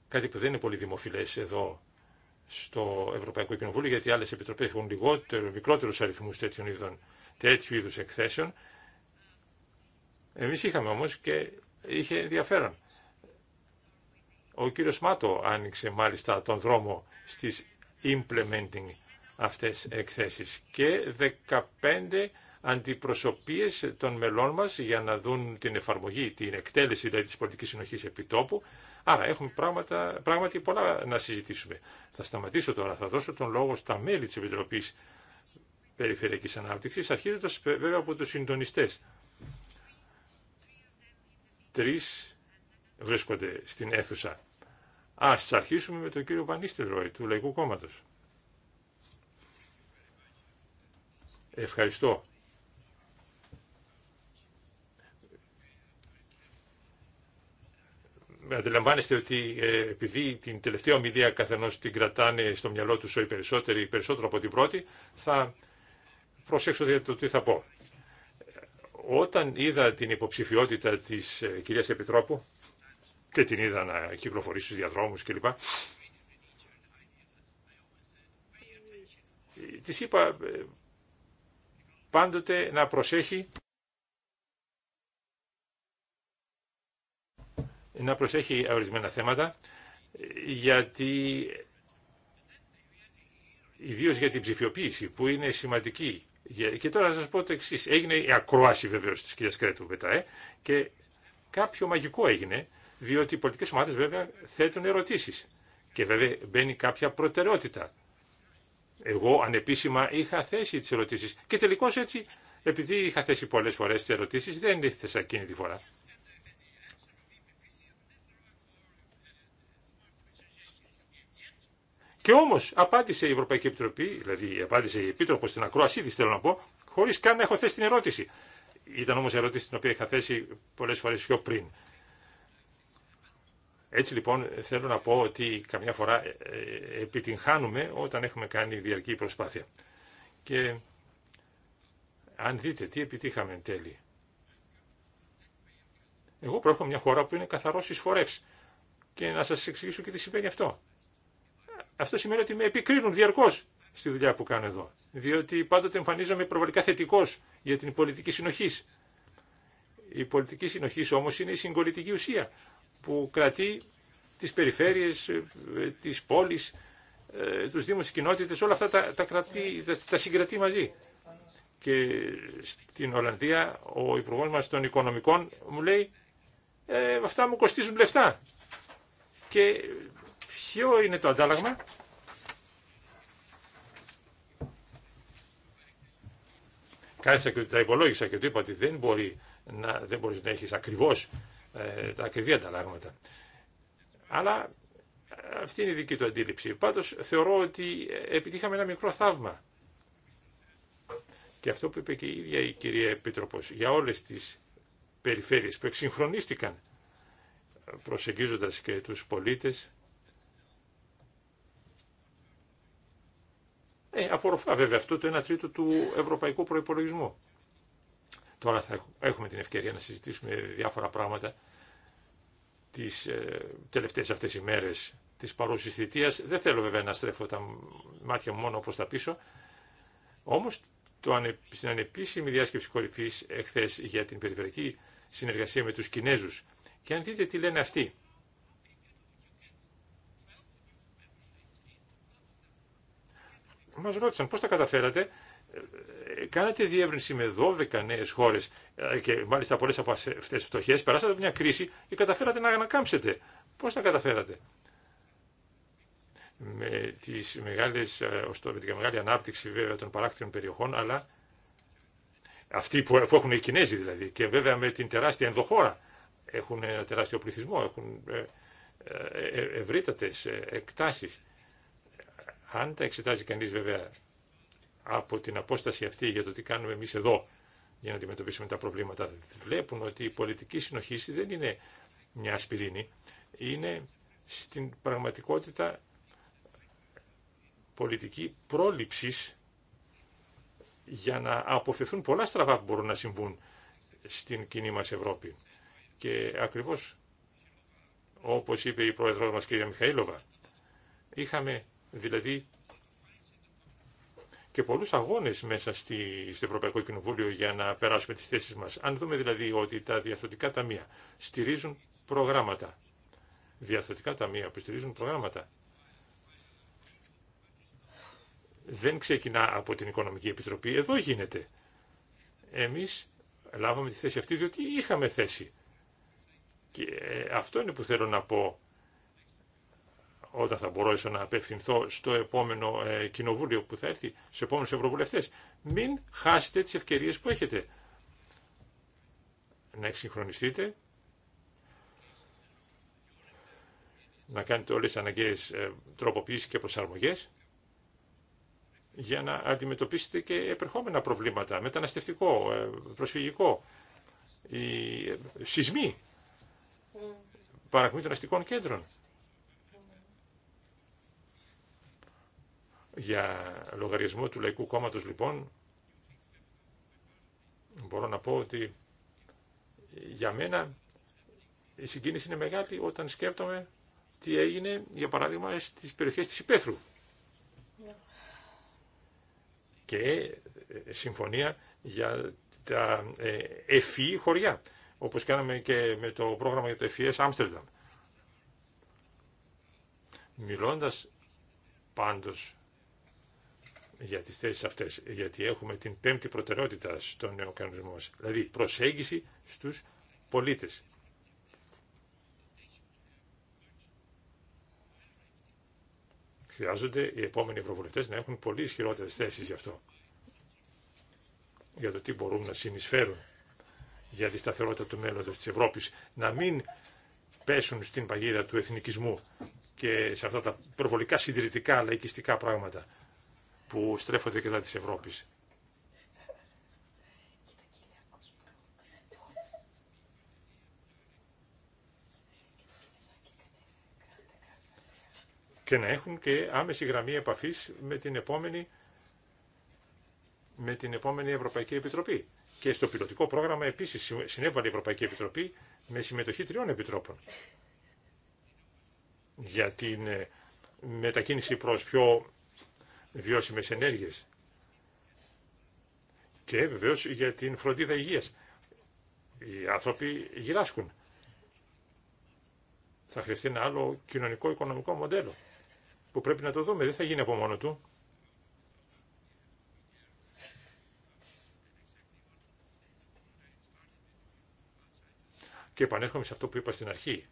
Κάτι που δεν είναι πολύ δημοφιλές εδώ στο Ευρωπαϊκό Κοινοβούλιο, γιατί άλλες επιτροπές έχουν λιγότερο, μικρότερους αριθμούς τέτοιου είδους, τέτοιου είδους εκθέσεων. Εμείς είχαμε όμως και είχε ενδιαφέρον. Ο κύριος Μάτο άνοιξε μάλιστα τον δρόμο στις implementing αυτές εκθέσεις και 15 αντιπροσωπείες των μελών μας για να δουν την εφαρμογή, την εκτέλεση δηλαδή της πολιτικής συνοχής επιτόπου. Άρα έχουμε πράγματα, πράγματι πολλά να συζητήσουμε. Θα σταματήσω τώρα, θα δώσω τον λόγο στα μέλη της Επιτροπής Περιφερειακής Ανάπτυξης, αρχίζοντας βέβαια από τους συντονιστές. Τρεις βρίσκονται στην αίθουσα. Ας αρχίσουμε με τον κύριο Βανίστελροϊ του Λαϊκού Κόμματος. Ευχαριστώ. αντιλαμβάνεστε ότι ε, επειδή την τελευταία ομιλία καθενό την κρατάνε στο μυαλό του οι περισσότεροι, περισσότερο από την πρώτη, θα προσέξω το τι θα πω. Όταν είδα την υποψηφιότητα της ε, κυρίας Επιτρόπου και την είδα να κυκλοφορεί στους διαδρόμους κλπ. Ε, της είπα πάντοτε να προσέχει να προσέχει ορισμένα θέματα γιατί ιδίως για την ψηφιοποίηση που είναι σημαντική και τώρα να σας πω το εξή. Έγινε η ακρόαση βεβαίως της κυρίας Κρέτου μετά, ΕΕ και κάποιο μαγικό έγινε, διότι οι πολιτικέ ομάδε βέβαια θέτουν ερωτήσεις Και βέβαια μπαίνει κάποια προτεραιότητα. Εγώ ανεπίσημα είχα θέσει τι ερωτήσει. και τελικώ έτσι, επειδή είχα θέσει πολλές φορές τι ερωτήσει, δεν ήθεσα εκείνη τη φορά. Και όμω απάντησε η Ευρωπαϊκή Επιτροπή, δηλαδή απάντησε η Επίτροπο στην ακρόασή τη, θέλω να πω, χωρί καν να έχω θέσει την ερώτηση. Ήταν όμω ερώτηση την οποία είχα θέσει πολλέ φορέ πιο πριν. Έτσι λοιπόν θέλω να πω ότι καμιά φορά ε, ε, επιτυγχάνουμε όταν έχουμε κάνει διαρκή προσπάθεια. Και αν δείτε τι επιτύχαμε εν τέλει. Εγώ προέρχομαι μια χώρα που είναι καθαρός φορεύς. Και να σας εξηγήσω και τι σημαίνει αυτό. Αυτό σημαίνει ότι με επικρίνουν διαρκώ στη δουλειά που κάνω εδώ. Διότι πάντοτε εμφανίζομαι προβολικά θετικό για την πολιτική συνοχή. Η πολιτική συνοχή όμω είναι η συγκολητική ουσία που κρατεί τις περιφέρειες, ε, τις πόλεις, ε, τους δήμους, τις κοινότητες, όλα αυτά τα, τα, κρατεί, τα, συγκρατεί μαζί. Και στην Ολλανδία ο υπουργό μας των οικονομικών μου λέει «Ε, αυτά μου κοστίζουν λεφτά. Και ποιο είναι το αντάλλαγμα. Κάνεις και τα υπολόγισα και του είπα ότι δεν, μπορεί να, δεν μπορείς να έχεις ακριβώς ε, τα ακριβή ανταλλάγματα. Αλλά ε, αυτή είναι η δική του αντίληψη. Πάντως θεωρώ ότι ε, επιτύχαμε ένα μικρό θαύμα. Και αυτό που είπε και η ίδια η κυρία Επίτροπος για όλες τις περιφέρειες που εξυγχρονίστηκαν προσεγγίζοντας και τους πολίτες. Ε, απορροφά βέβαια αυτό το 1 τρίτο του ευρωπαϊκού προϋπολογισμού. Τώρα θα έχουμε την ευκαιρία να συζητήσουμε διάφορα πράγματα τις ε, τελευταίες αυτές μέρες της παρούσης θητείας. Δεν θέλω βέβαια να στρέφω τα μάτια μου μόνο προς τα πίσω. Όμως το, στην ανεπίσημη διάσκεψη κορυφής εχθές για την περιφερειακή συνεργασία με τους Κινέζους και αν δείτε τι λένε αυτοί. Μας ρώτησαν πώς τα καταφέρατε ε, ε, κάνατε διεύρυνση με 12 νέε χώρε ε, και μάλιστα πολλέ από αυτέ τι φτωχέ. Περάσατε από μια κρίση και καταφέρατε να ανακάμψετε. Πώ τα καταφέρατε, με, τις μεγάλες, με τη μεγάλη ανάπτυξη βέβαια των παράκτιων περιοχών, αλλά αυτοί που, έχουν οι Κινέζοι δηλαδή, και βέβαια με την τεράστια ενδοχώρα. Έχουν ένα τεράστιο πληθυσμό, έχουν ε, εκτάσει. εκτάσεις. Αν τα εξετάζει κανεί βέβαια από την απόσταση αυτή για το τι κάνουμε εμείς εδώ για να αντιμετωπίσουμε τα προβλήματα. Βλέπουν ότι η πολιτική συνοχή δεν είναι μια ασπιρίνη, είναι στην πραγματικότητα πολιτική πρόληψη για να αποφευθούν πολλά στραβά που μπορούν να συμβούν στην κοινή μας Ευρώπη. Και ακριβώς όπως είπε η πρόεδρός μας κυρία Μιχαήλοβα, είχαμε δηλαδή και πολλούς αγώνες μέσα στη, στο Ευρωπαϊκό Κοινοβούλιο για να περάσουμε τις θέσεις μας. Αν δούμε δηλαδή ότι τα διαθωτικά ταμεία στηρίζουν προγράμματα, διαθωτικά ταμεία που στηρίζουν προγράμματα, δεν ξεκινά από την Οικονομική Επιτροπή, εδώ γίνεται. Εμείς λάβαμε τη θέση αυτή διότι είχαμε θέση. Και ε, αυτό είναι που θέλω να πω όταν θα μπορέσω να απευθυνθώ στο επόμενο ε, κοινοβούλιο που θα έρθει, στους επόμενους ευρωβουλευτές. Μην χάσετε τις ευκαιρίες που έχετε. Να εξυγχρονιστείτε, να κάνετε όλες τις αναγκαίες ε, τροποποιήσεις και προσαρμογές για να αντιμετωπίσετε και επερχόμενα προβλήματα, μεταναστευτικό, ε, προσφυγικό, σεισμοί, mm. παρακμή των αστικών κέντρων. Για λογαριασμό του Λαϊκού Κόμματος λοιπόν μπορώ να πω ότι για μένα η συγκίνηση είναι μεγάλη όταν σκέπτομαι τι έγινε για παράδειγμα στις περιοχές της Υπέθρου. Και ε, συμφωνία για τα ε, εφή χωριά, όπως κάναμε και με το πρόγραμμα για το ΕΦΗΕΣ Άμστερνταμ. Μιλώντας πάντως για τις θέσεις αυτές, γιατί έχουμε την πέμπτη προτεραιότητα στο νέο κανονισμό μας, δηλαδή προσέγγιση στους πολίτες. Χρειάζονται οι επόμενοι ευρωβουλευτές να έχουν πολύ ισχυρότερες θέσεις γι' αυτό, για το τι μπορούν να συνεισφέρουν για τη σταθερότητα του μέλλοντος της Ευρώπης, να μην πέσουν στην παγίδα του εθνικισμού και σε αυτά τα προβολικά συντηρητικά λαϊκιστικά πράγματα που στρέφονται κατά της Ευρώπης. και να έχουν και άμεση γραμμή επαφής με την επόμενη, με την επόμενη Ευρωπαϊκή Επιτροπή. Και στο πιλωτικό πρόγραμμα επίσης συνέβαλε η Ευρωπαϊκή Επιτροπή με συμμετοχή τριών επιτρόπων για την ε, μετακίνηση προς πιο βιώσιμες ενέργειες και βεβαίως για την φροντίδα υγείας. Οι άνθρωποι γυράσκουν. Θα χρειαστεί ένα άλλο κοινωνικό-οικονομικό μοντέλο που πρέπει να το δούμε. Δεν θα γίνει από μόνο του. Και επανέρχομαι σε αυτό που είπα στην αρχή.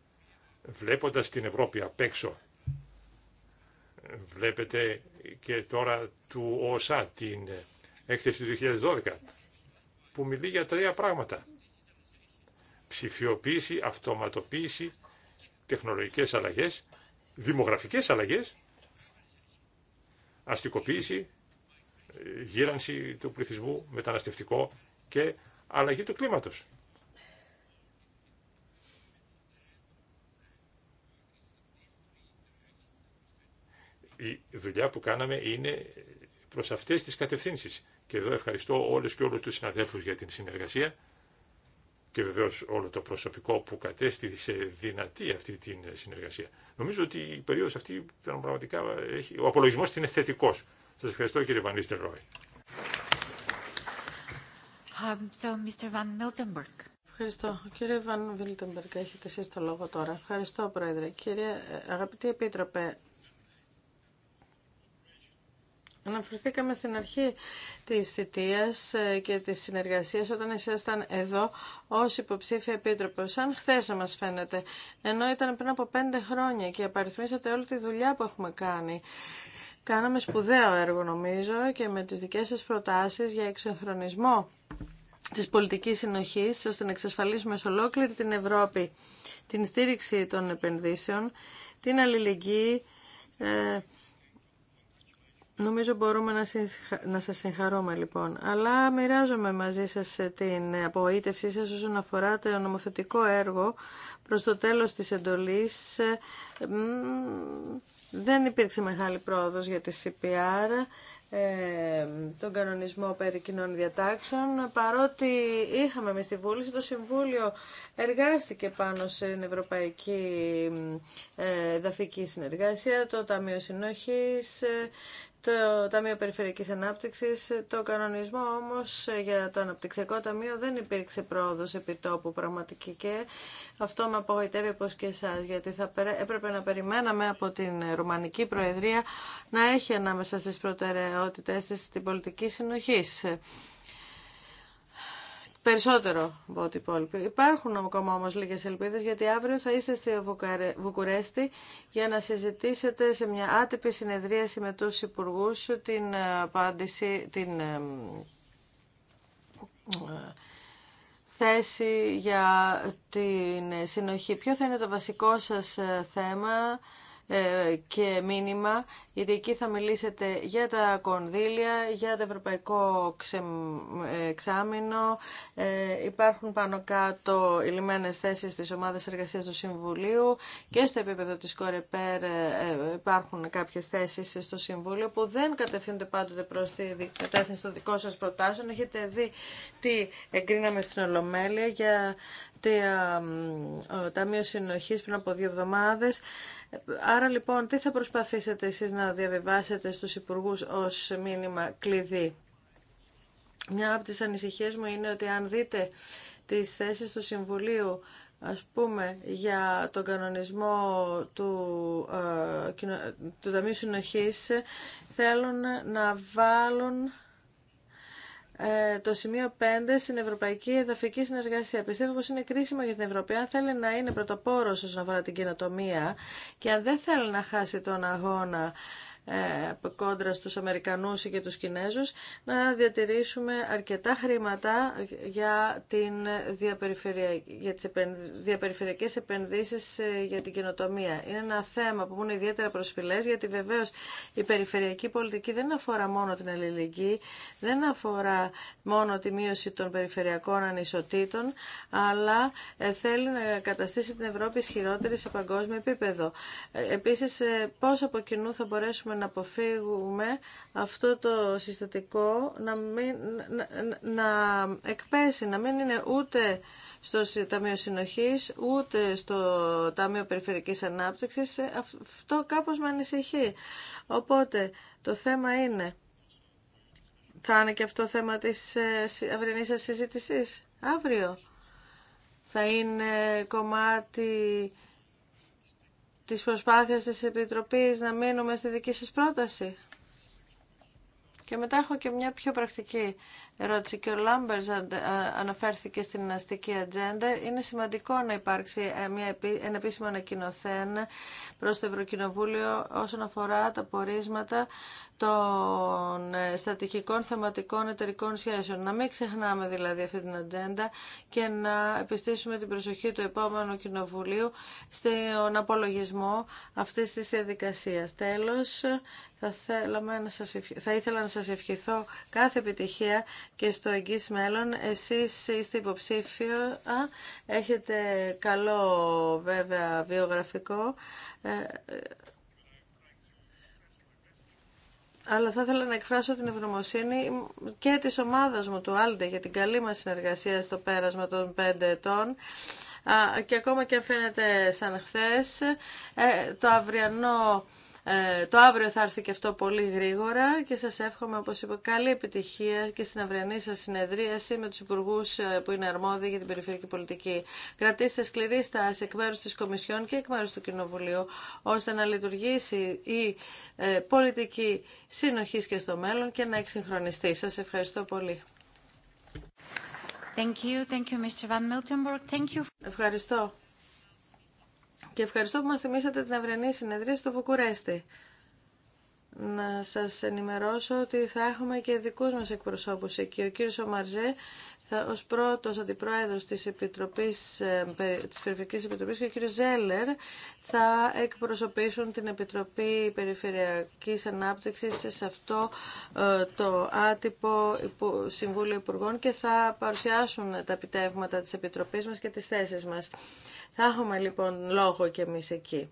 Βλέποντας την Ευρώπη απ' έξω Βλέπετε και τώρα του ΟΣΑ την έκθεση του 2012 που μιλεί για τρία πράγματα. Ψηφιοποίηση, αυτοματοποίηση, τεχνολογικές αλλαγές, δημογραφικές αλλαγές, αστικοποίηση, γύρανση του πληθυσμού, μεταναστευτικό και αλλαγή του κλίματος. η δουλειά που κάναμε είναι προς αυτές τις κατευθύνσεις. Και εδώ ευχαριστώ όλους και όλους τους συναδέλφους για την συνεργασία και βεβαίως όλο το προσωπικό που κατέστησε δυνατή αυτή τη συνεργασία. Νομίζω ότι η περίοδος αυτή ήταν πραγματικά, έχει, ο απολογισμός είναι θετικός. Σας ευχαριστώ κύριε Βανίστερ Ρόι. Um, Van Ευχαριστώ. Κύριε Βαν Βίλτεμπεργκ, έχετε εσεί το λόγο τώρα. Ευχαριστώ, Πρόεδρε. Κύριε, ε, αγαπητή Επίτροπε, Αναφερθήκαμε στην αρχή της θητεία ε, και της συνεργασίας όταν ήσασταν εδώ ως υποψήφια επίτροπο. Αν χθε μα φαίνεται, ενώ ήταν πριν από πέντε χρόνια και απαριθμίσατε όλη τη δουλειά που έχουμε κάνει. Κάναμε σπουδαίο έργο νομίζω και με τις δικές σας προτάσεις για εξοχρονισμό της πολιτικής συνοχής ώστε να εξασφαλίσουμε σε ολόκληρη την Ευρώπη την στήριξη των επενδύσεων, την αλληλεγγύη, ε, Νομίζω μπορούμε να, συγχα... να σας συγχαρούμε λοιπόν. Αλλά μοιράζομαι μαζί σας ε, την απογοήτευσή σας όσον αφορά το νομοθετικό έργο προς το τέλος της εντολής. Ε, δεν υπήρξε μεγάλη πρόοδος για τη CPR, ε, τον κανονισμό περί κοινών διατάξεων. Παρότι είχαμε εμείς τη βούληση, το Συμβούλιο εργάστηκε πάνω στην Ευρωπαϊκή Δαφική Συνεργασία, το Ταμείο Συνοχής το Ταμείο Περιφερειακής Ανάπτυξης. Το κανονισμό όμως για το Αναπτυξιακό Ταμείο δεν υπήρξε πρόοδος επιτόπου πραγματική και αυτό με απογοητεύει όπως και εσά, γιατί θα έπρεπε να περιμέναμε από την Ρουμανική Προεδρία να έχει ανάμεσα στις προτεραιότητες της την πολιτική συνοχής. Περισσότερο από ό,τι υπόλοιποι. Υπάρχουν ακόμα όμως λίγες ελπίδες γιατί αύριο θα είστε στη Βουκουρέστη για να συζητήσετε σε μια άτυπη συνεδρίαση με τους υπουργού την ε, απάντηση, την ε, ε, θέση για την συνοχή. Ποιο θα είναι το βασικό σας θέμα ε, και μήνυμα, γιατί εκεί θα μιλήσετε για τα κονδύλια, για το ευρωπαϊκό ξε... Ε, εξάμεινο. Ε, υπάρχουν πάνω κάτω οι θέσεις της ομάδας εργασίας του Συμβουλίου και στο επίπεδο της Κορεπέρ υπάρχουν κάποιες θέσεις στο Συμβούλιο που δεν κατευθύνονται πάντοτε προς τη κατεύθυνση των δικών σας προτάσεων. Έχετε δει τι εγκρίναμε στην Ολομέλεια για το Ταμείο Συνοχής πριν από δύο εβδομάδες. Άρα λοιπόν, τι θα προσπαθήσετε εσείς να διαβιβάσετε στους υπουργούς ως μήνυμα κλειδί. Μια από τις ανησυχίες μου είναι ότι αν δείτε τις θέσεις του Συμβουλίου ας πούμε, για τον κανονισμό του, ε, του Ταμείου Συνοχής θέλουν να βάλουν ε, το σημείο 5 στην Ευρωπαϊκή Εδαφική Συνεργασία. Πιστεύω πως είναι κρίσιμο για την Ευρώπη. Αν θέλει να είναι πρωτοπόρος όσον αφορά την καινοτομία και αν δεν θέλει να χάσει τον αγώνα κόντρα στους Αμερικανούς και τους Κινέζους, να διατηρήσουμε αρκετά χρήματα για, την διαπεριφερεια... για τις διαπεριφερειακές επενδύσεις ε, για την καινοτομία. Είναι ένα θέμα που είναι ιδιαίτερα προσφυλές, γιατί βεβαίως η περιφερειακή πολιτική δεν αφορά μόνο την αλληλεγγύη, δεν αφορά μόνο τη μείωση των περιφερειακών ανισοτήτων, αλλά ε, θέλει να καταστήσει την Ευρώπη ισχυρότερη σε παγκόσμιο επίπεδο. Ε, επίσης, πώς από κοινού θα μπορέσουμε να αποφύγουμε αυτό το συστατικό να, να, εκπέσει, να μην είναι ούτε στο Ταμείο Συνοχής, ούτε στο Ταμείο περιφερικής Ανάπτυξης. Ε, αυτό κάπως με ανησυχεί. Οπότε το θέμα είναι, θα είναι και αυτό θέμα της ε, αυρινής σας συζήτησης, αύριο. Θα είναι κομμάτι της προσπάθειας της Επιτροπής να μείνουμε στη δική σας πρόταση. Και μετά έχω και μια πιο πρακτική ερώτηση και ο Λάμπερς αναφέρθηκε στην αστική ατζέντα. Είναι σημαντικό να υπάρξει ε, μια, ένα επίσημο ανακοινοθέν προς το Ευρωκοινοβούλιο όσον αφορά τα πορίσματα των ε, στατικικών θεματικών εταιρικών σχέσεων. Να μην ξεχνάμε δηλαδή αυτή την ατζέντα και να επιστήσουμε την προσοχή του επόμενου Κοινοβουλίου στον απολογισμό αυτής της διαδικασία. Τέλος, θα, θα ήθελα να σας ευχηθώ κάθε επιτυχία και στο εγγύς μέλλον. Εσείς είστε υποψήφιο, έχετε καλό βέβαια βιογραφικό, ε, ε, αλλά θα ήθελα να εκφράσω την ευγνωμοσύνη και της ομάδας μου του Άλντε για την καλή μας συνεργασία στο πέρασμα των πέντε ετών και ακόμα και αν φαίνεται σαν χθες, ε, το αυριανό ε, το αύριο θα έρθει και αυτό πολύ γρήγορα και σας εύχομαι, όπως είπα, καλή επιτυχία και στην αυριανή σας συνεδρίαση με τους υπουργού ε, που είναι αρμόδιοι για την περιφερειακή πολιτική. Κρατήστε σκληρή στάση εκ μέρους της Κομισιόν και εκ μέρους του Κοινοβουλίου, ώστε να λειτουργήσει η ε, πολιτική συνοχής και στο μέλλον και να εξυγχρονιστεί. Σας ευχαριστώ πολύ. Thank you, thank you, Mr. Van Miltenburg. Thank you. Ευχαριστώ και ευχαριστώ που μας θυμήσατε την αυριανή συνεδρία στο Βουκουρέστι να σας ενημερώσω ότι θα έχουμε και δικούς μας εκπροσώπους εκεί. Ο κύριος Ομαρζέ θα, ως πρώτος αντιπρόεδρος της, Επιτροπής, ε, της Περιφερειακής Επιτροπής και ο κύριος Ζέλερ θα εκπροσωπήσουν την Επιτροπή Περιφερειακής Ανάπτυξης σε αυτό ε, το άτυπο Συμβούλιο Υπουργών και θα παρουσιάσουν τα επιτεύγματα της Επιτροπής μας και τις θέσεις μας. Θα έχουμε λοιπόν λόγο και εμείς εκεί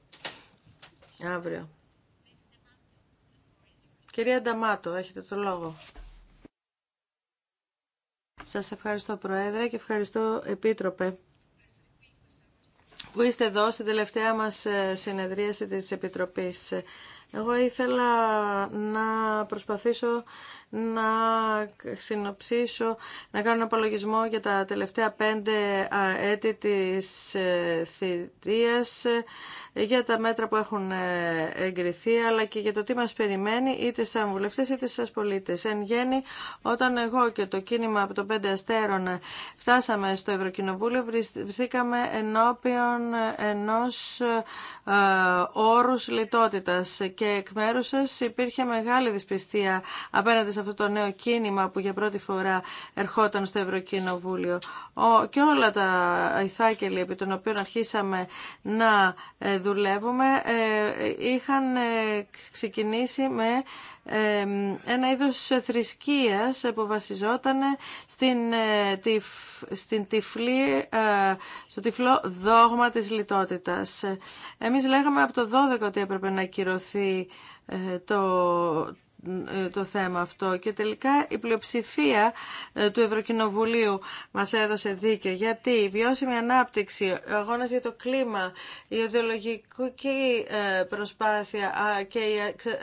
αύριο. Κυρία Νταμάτο, έχετε το λόγο. Σας ευχαριστώ Προέδρε και ευχαριστώ Επίτροπε που είστε εδώ στην τελευταία μας ε, συνεδρίαση της Επιτροπής. Εγώ ήθελα να προσπαθήσω να συνοψίσω, να κάνω ένα απολογισμό για τα τελευταία πέντε έτη της ε, θητείας, ε, για τα μέτρα που έχουν ε, εγκριθεί, αλλά και για το τι μας περιμένει είτε σαν βουλευτές είτε σαν πολίτες. Εν γέννη, όταν εγώ και το κίνημα από το Πέντε Αστέρων φτάσαμε στο Ευρωκοινοβούλιο, βρισκόμασταν ενώπιον ενός όρους λιτότητας και εκ μέρους σας υπήρχε μεγάλη δυσπιστία απέναντι σε αυτό το νέο κίνημα που για πρώτη φορά ερχόταν στο Ευρωκοινοβούλιο. Ο, και όλα τα ηθάκελοι επί των οποίων αρχίσαμε να ε, δουλεύουμε ε, είχαν ε, ξεκινήσει με ένα είδος θρησκείας που βασιζόταν στην, τυφλή, στο τυφλό δόγμα της λιτότητας. Εμείς λέγαμε από το 12 ότι έπρεπε να ακυρωθεί το, ε, το θέμα αυτό και τελικά η πλειοψηφία ε, του Ευρωκοινοβουλίου μας έδωσε δίκαιο. γιατί η βιώσιμη ανάπτυξη, ο αγώνας για το κλίμα, η ιδεολογική ε, προσπάθεια και η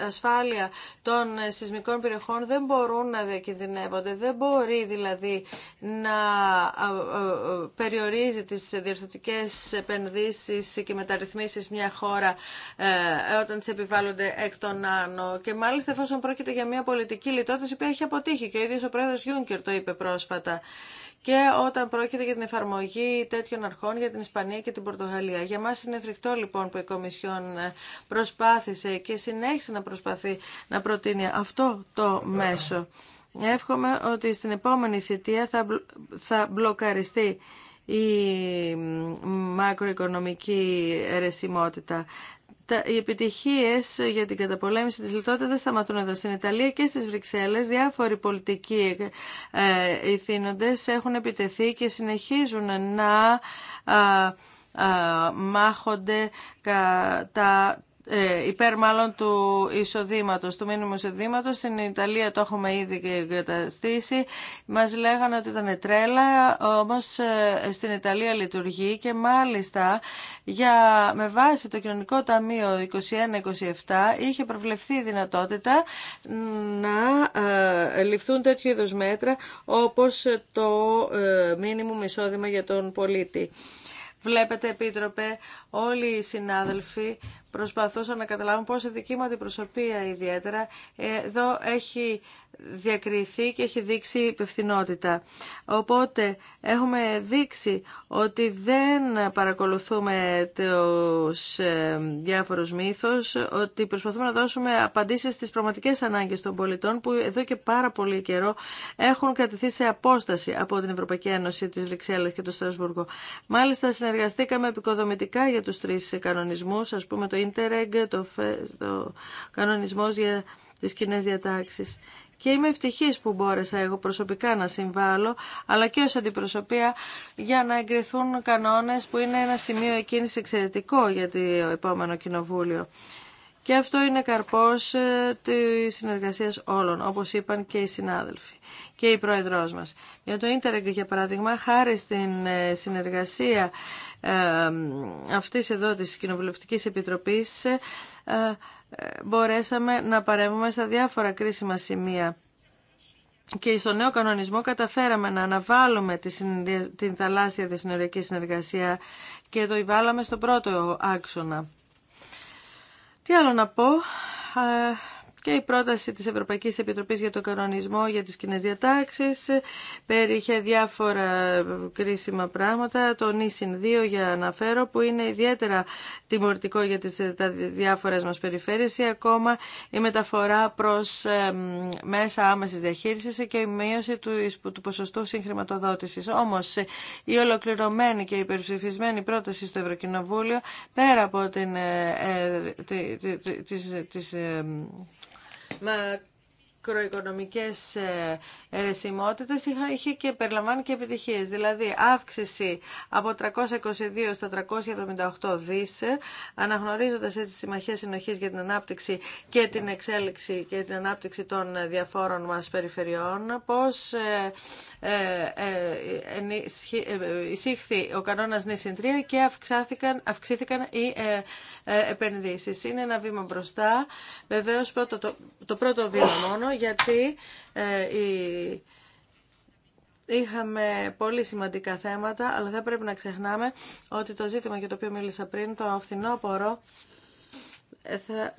ασφάλεια των σεισμικών περιοχών δεν μπορούν να διακινδυνεύονται, δεν μπορεί δηλαδή να περιορίζει τις διορθωτικές επενδύσεις και μεταρρυθμίσεις μια χώρα όταν τις επιβάλλονται εκ των άνω και μάλιστα εφόσον πρόκειται για μια πολιτική λιτότητα η οποία έχει αποτύχει και ο ίδιο ο πρόεδρο Γιούνκερ το είπε πρόσφατα. Και όταν πρόκειται για την εφαρμογή τέτοιων αρχών για την Ισπανία και την Πορτογαλία. Για μα είναι φρικτό λοιπόν που η Κομισιόν προσπάθησε και συνέχισε να προσπαθεί να προτείνει αυτό το μέσο. Εύχομαι ότι στην επόμενη θητεία θα, θα μπλοκαριστεί η μακροοικονομική ερεσιμότητα οι επιτυχίε για την καταπολέμηση τη λιτότητα δεν σταματούν εδώ στην Ιταλία και στις Βρυξέλλες. Διάφοροι πολιτικοί ε, ηθήνοντες έχουν επιτεθεί και συνεχίζουν να ε, ε, μάχονται κατά ε, υπέρ μάλλον του εισοδήματο, του μήνυμου εισοδήματο. Στην Ιταλία το έχουμε ήδη εγκαταστήσει. Μα λέγανε ότι ήταν τρέλα, όμω ε, στην Ιταλία λειτουργεί και μάλιστα για, με βάση το κοινωνικό ταμείο 21-27 είχε προβλεφθεί η δυνατότητα να ε, ληφθούν τέτοιου είδου μέτρα όπω το ε, μήνυμου εισόδημα για τον πολίτη. Βλέπετε, Επίτροπε, όλοι οι συνάδελφοι προσπαθούσα να καταλάβω πώς η δική μου αντιπροσωπεία ιδιαίτερα ε, εδώ έχει διακριθεί και έχει δείξει υπευθυνότητα. Οπότε έχουμε δείξει ότι δεν παρακολουθούμε τους ε, διάφορους μύθους, ότι προσπαθούμε να δώσουμε απαντήσεις στις πραγματικές ανάγκες των πολιτών που εδώ και πάρα πολύ καιρό έχουν κρατηθεί σε απόσταση από την Ευρωπαϊκή Ένωση, τις Βρυξέλλες και το Στρασβούργο. Μάλιστα συνεργαστήκαμε επικοδομητικά για τους τρεις κανονισμούς, ας πούμε το Interreg, το, το κανονισμός για τις κοινέ διατάξεις. Και είμαι ευτυχής που μπόρεσα εγώ προσωπικά να συμβάλλω, αλλά και ως αντιπροσωπεία για να εγκριθούν κανόνες που είναι ένα σημείο εκείνης εξαιρετικό για το επόμενο κοινοβούλιο. Και αυτό είναι καρπός ε, της συνεργασίας όλων, όπως είπαν και οι συνάδελφοι και η πρόεδρός μας. Για το Ίντερεγκ, για παράδειγμα, χάρη στην ε, συνεργασία αυτή εδώ της Κοινοβουλευτικής Επιτροπής ε, ε, μπορέσαμε να παρέμβουμε στα διάφορα κρίσιμα σημεία. Και στο νέο κανονισμό καταφέραμε να αναβάλουμε την θαλάσσια δυσυνοριακή συνεργασία και το βάλαμε στο πρώτο άξονα. Τι άλλο να πω, ε, και η πρόταση της Ευρωπαϊκής Επιτροπής για τον κανονισμό για τις κοινέ διατάξεις περιείχε διάφορα κρίσιμα πράγματα, το νησιν 2 για αναφέρω που είναι ιδιαίτερα τιμωρητικό για τις, τα διάφορες μας περιφέρειες ή ακόμα η μεταφορά προς μέσα άμεσης διαχείρισης και η μείωση του, του ποσοστού συγχρηματοδότησης. Όμως η ολοκληρωμένη και υπερψηφισμένη πρόταση στο Ευρωκοινοβούλιο πέρα από την, ε, ε, τις Μα μικροοικονομικέ ερεσιμότητες είχε και περιλαμβάνει και επιτυχίες. Δηλαδή αύξηση από 322 στα 378 δις, ε, αναγνωρίζοντας έτσι συμμαχίες συνοχής για την ανάπτυξη και την εξέλιξη και την ανάπτυξη των διαφόρων μας περιφερειών, πώς ε, ε, εισήχθη ο κανόνας νησιν 3 και αυξήθηκαν, αυξήθηκαν οι επενδύσεις. Είναι ένα βήμα μπροστά. Βεβαίως το πρώτο βήμα μόνο γιατί ε, Είχαμε πολύ σημαντικά θέματα, αλλά δεν πρέπει να ξεχνάμε ότι το ζήτημα για το οποίο μίλησα πριν, το αυθινόπορο, ε, θα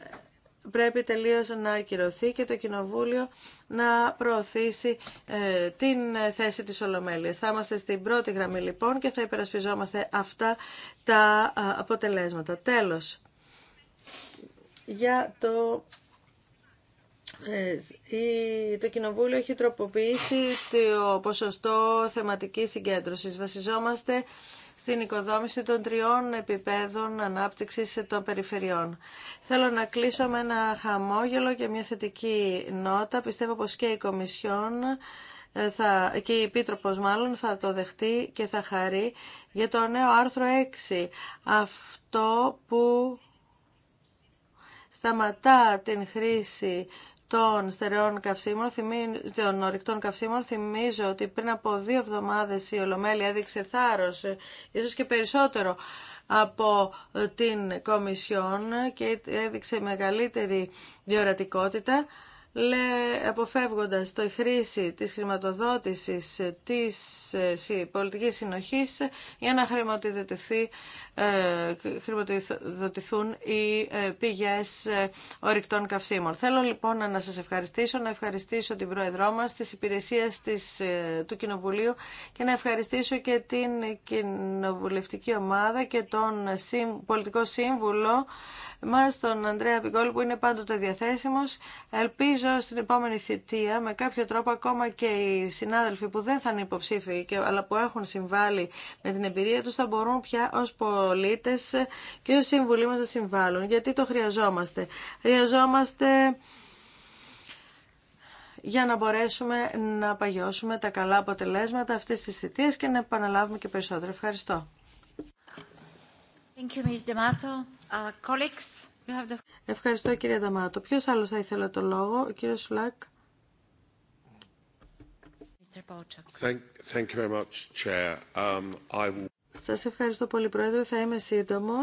πρέπει τελείως να ακυρωθεί και το Κοινοβούλιο να προωθήσει ε, την θέση της Ολομέλειας. Θα είμαστε στην πρώτη γραμμή λοιπόν και θα υπερασπιζόμαστε αυτά τα αποτελέσματα. Τέλος, για το ε, το Κοινοβούλιο έχει τροποποιήσει το ποσοστό θεματικής συγκέντρωσης. Βασιζόμαστε στην οικοδόμηση των τριών επιπέδων ανάπτυξης των περιφερειών. Θέλω να κλείσω με ένα χαμόγελο και μια θετική νότα. Πιστεύω πως και η Κομισιόν ε, θα, και η Επίτροπος μάλλον θα το δεχτεί και θα χαρεί για το νέο άρθρο 6. Αυτό που σταματά την χρήση των στερεών καυσίμων, των καυσίμων, θυμίζω ότι πριν από δύο εβδομάδες η Ολομέλη έδειξε θάρρος, ίσως και περισσότερο, από την Κομισιόν και έδειξε μεγαλύτερη διορατικότητα λέ, αποφεύγοντας το χρήση της χρηματοδότησης της πολιτικής συνοχής για να ε, χρηματοδοτηθούν οι ε, πηγές ε, ορυκτών καυσίμων. Θέλω λοιπόν να σας ευχαριστήσω, να ευχαριστήσω την Πρόεδρό μας, της υπηρεσίας του Κοινοβουλίου και να ευχαριστήσω και την Κοινοβουλευτική Ομάδα και τον πολιτικό σύμβουλο μας, τον Ανδρέα Πικόλ, που είναι πάντοτε διαθέσιμος. Ελπίζω ελπίζω στην επόμενη θητεία με κάποιο τρόπο ακόμα και οι συνάδελφοι που δεν θα είναι υποψήφοι και, αλλά που έχουν συμβάλει με την εμπειρία τους θα μπορούν πια ως πολίτες και ως σύμβουλοι μας να συμβάλλουν. Γιατί το χρειαζόμαστε. Χρειαζόμαστε για να μπορέσουμε να παγιώσουμε τα καλά αποτελέσματα αυτής της θητείας και να επαναλάβουμε και περισσότερο. Ευχαριστώ. Thank you, Ms. Uh, colleagues. Ευχαριστώ κύριε Δαμάτο. Ποιο άλλο θα ήθελε το λόγο, ο κύριο Σουλάκ. Σα um, Σας ευχαριστώ πολύ Πρόεδρε, θα είμαι σύντομο.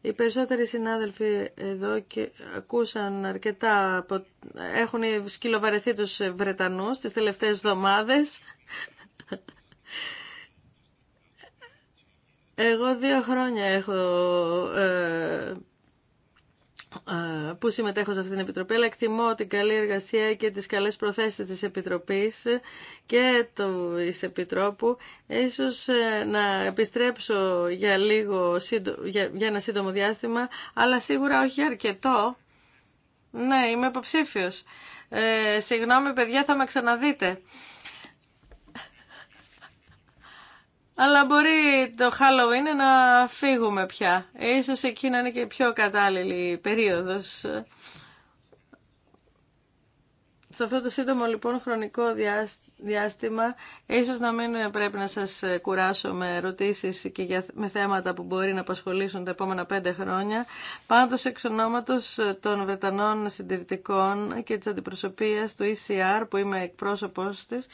Οι περισσότεροι συνάδελφοι εδώ και ακούσαν αρκετά, από... έχουν σκυλοβαρεθεί τους Βρετανούς τις τελευταίες εβδομάδες. Εγώ δύο χρόνια έχω ε, ε, που συμμετέχω σε αυτήν την Επιτροπή, αλλά εκτιμώ την καλή εργασία και τις καλές προθέσεις της Επιτροπής και της Επιτρόπου. Ίσως ε, να επιστρέψω για, λίγο, για, για ένα σύντομο διάστημα, αλλά σίγουρα όχι αρκετό. Ναι, είμαι υποψήφιος. Ε, συγγνώμη παιδιά, θα με ξαναδείτε. Αλλά μπορεί το Halloween να φύγουμε πια. Ίσως εκεί να είναι και πιο κατάλληλη περίοδος. Σε αυτό το σύντομο λοιπόν χρονικό διάστημα, ίσως να μην πρέπει να σας κουράσω με ερωτήσεις και με θέματα που μπορεί να απασχολήσουν τα επόμενα πέντε χρόνια. Πάντως εξ ονόματος των Βρετανών συντηρητικών και της αντιπροσωπείας του ECR που είμαι εκπρόσωπος της,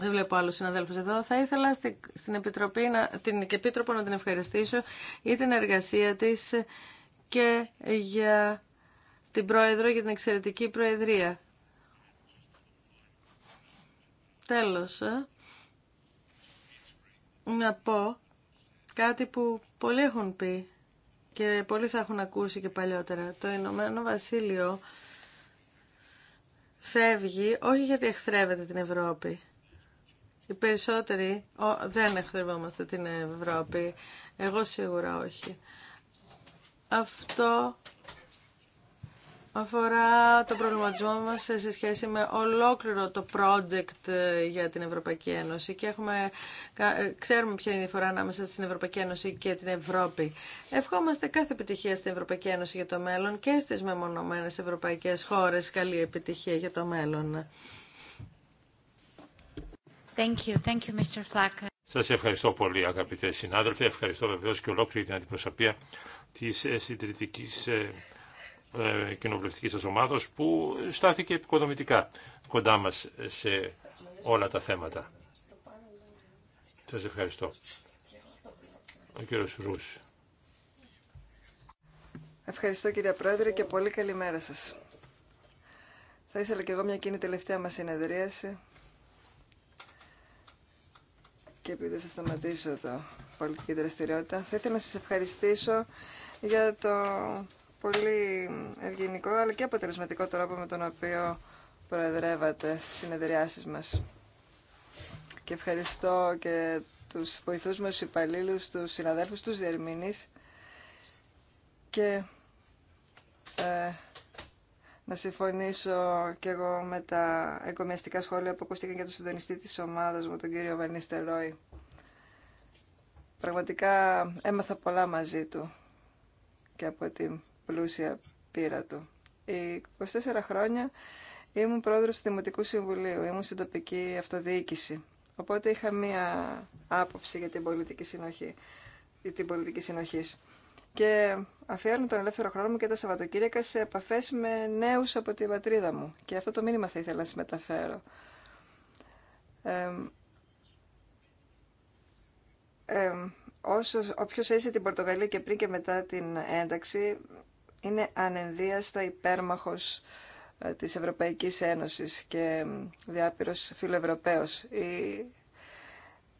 δεν βλέπω άλλου συναδέλφου εδώ. Θα ήθελα στην Επιτροπή, την Επίτροπο να την ευχαριστήσω για την εργασία τη και για την Πρόεδρο για την εξαιρετική Προεδρία. Τέλος, ε, να πω κάτι που πολλοί έχουν πει και πολλοί θα έχουν ακούσει και παλιότερα. Το Ηνωμένο Βασίλειο φεύγει όχι γιατί εχθρεύεται την Ευρώπη. Οι περισσότεροι δεν εχθρευόμαστε την Ευρώπη. Εγώ σίγουρα όχι. Αυτό αφορά το προβληματισμό μας σε σχέση με ολόκληρο το project ε, για την Ευρωπαϊκή Ένωση και έχουμε, ε, ξέρουμε ποια είναι η διαφορά ανάμεσα στην Ευρωπαϊκή Ένωση και την Ευρώπη. Ευχόμαστε κάθε επιτυχία στην Ευρωπαϊκή Ένωση για το μέλλον και στις μεμονωμένες ευρωπαϊκές χώρες καλή επιτυχία για το μέλλον. Thank Σας ευχαριστώ πολύ αγαπητέ συνάδελφοι, ευχαριστώ βεβαίως και ολόκληρη την αντιπροσωπεία της ε, συντηρητική κοινοβουλευτική ε, κοινοβουλευτικής σας που στάθηκε επικοδομητικά κοντά μας σε όλα τα θέματα. Σας ευχαριστώ. Ο κύριος Ρούς. Ευχαριστώ κύριε Πρόεδρε και πολύ καλημέρα σας. Θα ήθελα και εγώ μια κοινή τελευταία μας συνεδρίαση και επειδή θα σταματήσω το πολιτική δραστηριότητα, θα ήθελα να σας ευχαριστήσω για το πολύ ευγενικό αλλά και αποτελεσματικό τρόπο με τον οποίο προεδρεύατε στις συνεδριάσεις μας. Και ευχαριστώ και τους βοηθούς μας, τους υπαλλήλους, τους συναδέλφους, τους διερμηνείς και ε, να συμφωνήσω και εγώ με τα εγκομιαστικά σχόλια που ακούστηκαν για τον συντονιστή της ομάδας μου, τον κύριο Βανίστε Ρόι. Πραγματικά έμαθα πολλά μαζί του και από την πλούσια πείρα του. Οι 24 χρόνια ήμουν πρόεδρος του Δημοτικού Συμβουλίου, ήμουν στην τοπική αυτοδιοίκηση. Οπότε είχα μία άποψη για την πολιτική συνοχή, την πολιτική συνοχής και αφιέρνω τον ελεύθερο χρόνο μου και τα Σαββατοκύριακα σε επαφέ με νέους από την πατρίδα μου. Και αυτό το μήνυμα θα ήθελα να συμμεταφέρω. Ε, όποιος έζησε την Πορτογαλία και πριν και μετά την ένταξη είναι ανενδίαστα υπέρμαχος ε, της Ευρωπαϊκής Ένωσης και διάπειρος φιλοευρωπαίος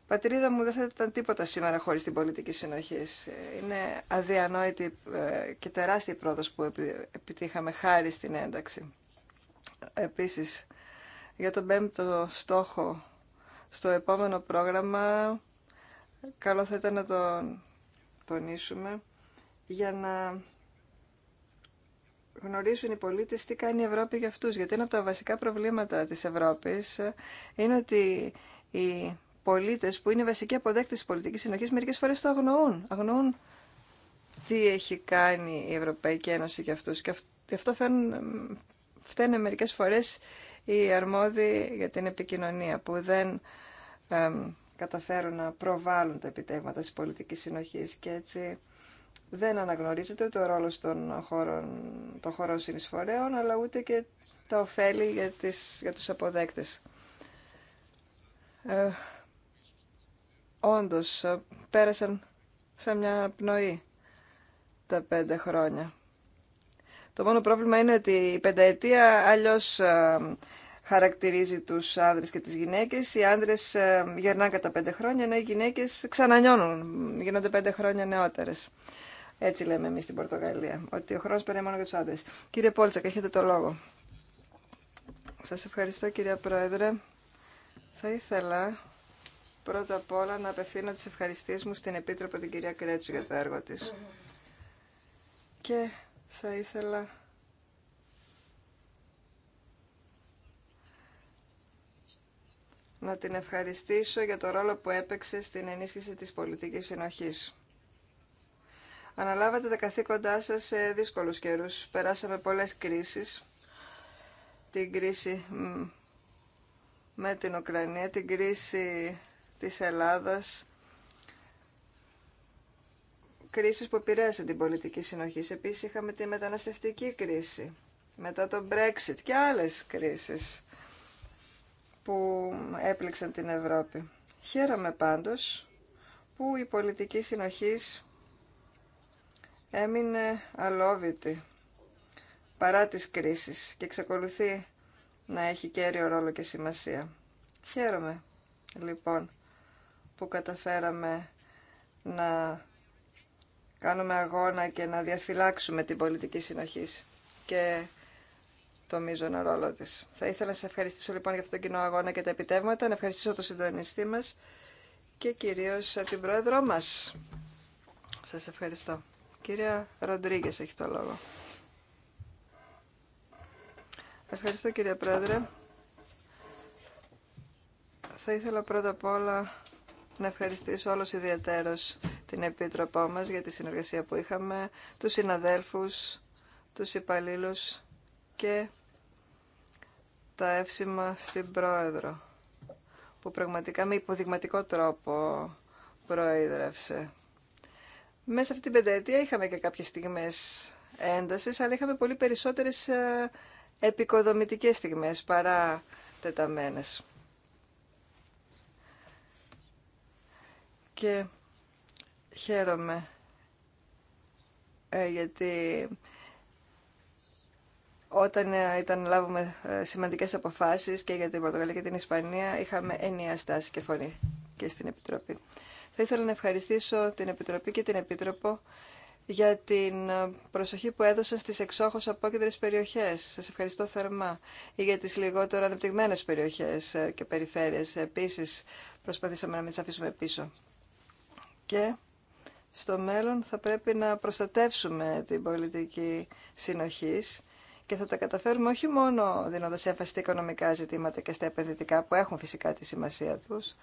πατρίδα μου δεν θα ήταν τίποτα σήμερα χωρίς την πολιτική συνοχή. Είναι αδιανόητη ε, και τεράστια η πρόοδος που επιτύχαμε χάρη στην ένταξη. Επίσης, για τον πέμπτο στόχο στο επόμενο πρόγραμμα, καλό θα ήταν να τον τονίσουμε, για να γνωρίσουν οι πολίτες τι κάνει η Ευρώπη για αυτούς. Γιατί ένα από τα βασικά προβλήματα της Ευρώπης ε, είναι ότι η πολίτες που είναι βασικοί αποδέκτες της πολιτικής συνοχής μερικές φορές το αγνοούν. Αγνοούν τι έχει κάνει η Ευρωπαϊκή Ένωση για αυτούς. Και αυτό φταίνε μερικές φορές οι αρμόδιοι για την επικοινωνία που δεν καταφέρουν να προβάλλουν τα επιτεύγματα της πολιτικής συνοχής και έτσι δεν αναγνωρίζεται ούτε ο ρόλος των χώρων, των χωρών συνεισφορέων αλλά ούτε και τα ωφέλη για, τις, για τους αποδέκτες. Ε, όντως ε, πέρασαν σε μια πνοή τα πέντε χρόνια. Το μόνο πρόβλημα είναι ότι η πενταετία αλλιώς ε, χαρακτηρίζει τους άνδρες και τις γυναίκες. Οι άνδρες ε, γερνάνε κατά πέντε χρόνια, ενώ οι γυναίκες ξανανιώνουν, γίνονται πέντε χρόνια νεότερες. Έτσι λέμε εμείς στην Πορτογαλία, ότι ο χρόνος περνάει μόνο για τους άνδρες. Κύριε Πόλτσακ, έχετε το λόγο. Σας ευχαριστώ κύριε Πρόεδρε. Θα ήθελα πρώτα απ' όλα να απευθύνω τις ευχαριστίες μου στην Επίτροπο την κυρία Κρέτσου για το έργο της. Και θα ήθελα να την ευχαριστήσω για το ρόλο που έπαιξε στην ενίσχυση της πολιτικής συνοχής. Αναλάβατε τα καθήκοντά σας σε δύσκολους καιρούς. Περάσαμε πολλές κρίσεις. Την κρίση με την Ουκρανία, την κρίση της Ελλάδας κρίσεις που επηρέασαν την πολιτική συνοχή. Επίσης είχαμε τη μεταναστευτική κρίση, μετά το Brexit και άλλες κρίσεις που έπληξαν την Ευρώπη. Χαίρομαι πάντως που η πολιτική συνοχής έμεινε αλόβητη παρά τις κρίσεις και εξακολουθεί να έχει κέριο ρόλο και σημασία. Χαίρομαι λοιπόν που καταφέραμε να κάνουμε αγώνα και να διαφυλάξουμε την πολιτική συνοχή και το μείζωνα ρόλο της. Θα ήθελα να σας ευχαριστήσω λοιπόν για αυτόν τον κοινό αγώνα και τα επιτεύγματα, να ευχαριστήσω τον συντονιστή μας και κυρίως την πρόεδρό μας. Σας ευχαριστώ. Κυρία Ροντρίγκε έχει το λόγο. Ευχαριστώ κύριε Πρόεδρε. Θα ήθελα πρώτα απ' όλα να ευχαριστήσω όλους ιδιαίτερος την Επίτροπό μας για τη συνεργασία που είχαμε, τους συναδέλφους, τους υπαλλήλου και τα εύσημα στην Πρόεδρο, που πραγματικά με υποδειγματικό τρόπο προείδρευσε. Μέσα αυτή την πενταετία είχαμε και κάποιες στιγμές έντασης, αλλά είχαμε πολύ περισσότερες ε, επικοδομητικές στιγμές παρά τεταμένες. και χαίρομαι ε, γιατί όταν ε, ήταν λάβουμε ε, σημαντικές αποφάσεις και για την Πορτογαλία και την Ισπανία είχαμε ενιαία στάση και φωνή και στην Επιτροπή. Θα ήθελα να ευχαριστήσω την Επιτροπή και την Επίτροπο για την προσοχή που έδωσαν στις εξόχως απόκεντρες περιοχές. Σας ευχαριστώ θερμά. Ή για τις λιγότερο ανεπτυγμένες περιοχές και περιφέρειες. Επίσης προσπαθήσαμε να μην τις αφήσουμε πίσω και στο μέλλον θα πρέπει να προστατεύσουμε την πολιτική συνοχής και θα τα καταφέρουμε όχι μόνο δίνοντας έμφαση στα οικονομικά ζητήματα και στα επενδυτικά που έχουν φυσικά τη σημασία τους,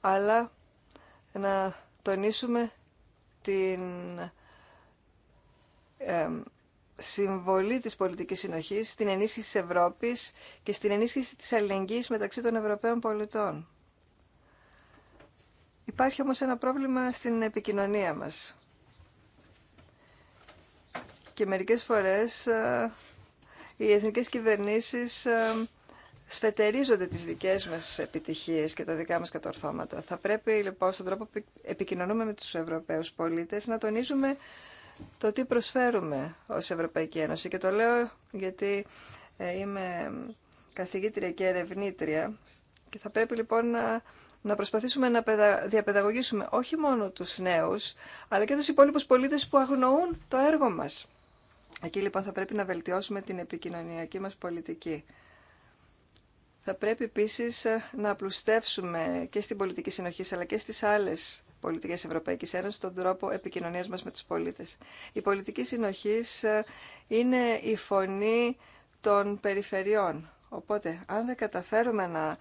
αλλά να τονίσουμε την συμβολή της πολιτικής συνοχής στην ενίσχυση της Ευρώπης και στην ενίσχυση της αλληλεγγύης μεταξύ των Ευρωπαίων πολιτών. Υπάρχει όμως ένα πρόβλημα στην επικοινωνία μας. Και μερικές φορές ε, οι εθνικές κυβερνήσεις ε, σφετερίζονται τις δικές μας επιτυχίες και τα δικά μας κατορθώματα. Θα πρέπει λοιπόν στον τρόπο που επικοινωνούμε με τους Ευρωπαίους πολίτες να τονίζουμε το τι προσφέρουμε ως Ευρωπαϊκή Ένωση. Και το λέω γιατί ε, είμαι καθηγήτρια και ερευνήτρια και θα πρέπει λοιπόν να να προσπαθήσουμε να διαπαιδαγωγήσουμε όχι μόνο τους νέους, αλλά και τους υπόλοιπους πολίτες που αγνοούν το έργο μας. Εκεί λοιπόν θα πρέπει να βελτιώσουμε την επικοινωνιακή μας πολιτική. Θα πρέπει επίσης ε, να απλουστεύσουμε και στην πολιτική συνοχή, αλλά και στις άλλες πολιτικές Ευρωπαϊκής Ένωσης τον τρόπο επικοινωνίας μας με τους πολίτες. Η πολιτική συνοχή ε, είναι η φωνή των περιφερειών. Οπότε, αν δεν καταφέρουμε να